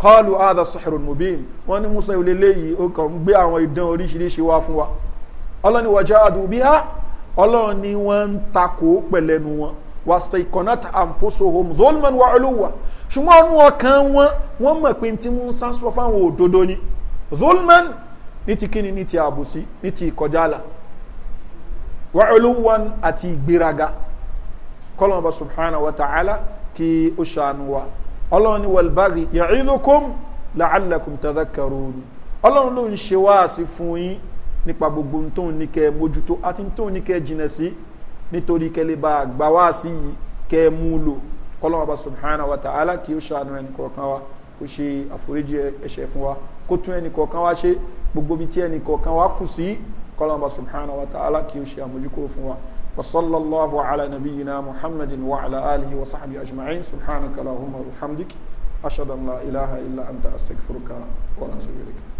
kọlu ada sihru mubin wọn ní musa ìwé léyìí ó kàn gbé àwọn ìdán oríṣiríṣi wá fún wa ọlọ́ni wàjá àdùbíhá ọlọ́ni wọn ń takò pẹ̀lẹ́nu wọn wàsítẹ̀ ìkànnà àǹfóso hom dolman ṣùgbọ́n ọnú ọkàn wọn wọ́n mọ̀ pé tí wọ́n ń sá sọ fáwọn òdodo ni zulman ní ti kíni ní ti àbòsí ní ti ìkọjáàlà wàhálùwàn àti ìgbéraga kọlọmọba subhanahu wa ta'ala kí ó ṣàánú wa ọlọ́run ni wàlbáàgì làálàkùn tàdákàrún ọlọ́run ló ń ṣe wáàsí fún yín nípa gbogbo tó ní kẹ mójútó àti tó ní kẹ jìnà sí nítorí kẹ gbà wáàsí yìí kẹ mú lò kọ́lọ́wọ́ bá subhanahu wa ta'ala kì í ṣàánú ẹnì kọ̀ọ̀kan wa kó ṣe àforíjì ẹ̀ṣẹ̀ fún wa kó tún ẹnì kọ̀ọ̀kan wa ṣe gbogbo ibi tí ẹnì kọ̀ọ̀kan wa kù sí kọ́lọ́wọ́ bá subhanahu wa ta'ala kì í ṣe àmójúkúrò fún wa وصلى الله على نبينا محمد وعلى آله وصحبه أجمعين سبحانك اللهم وبحمدك أشهد أن لا إله إلا أنت أستغفرك وأتوب إليك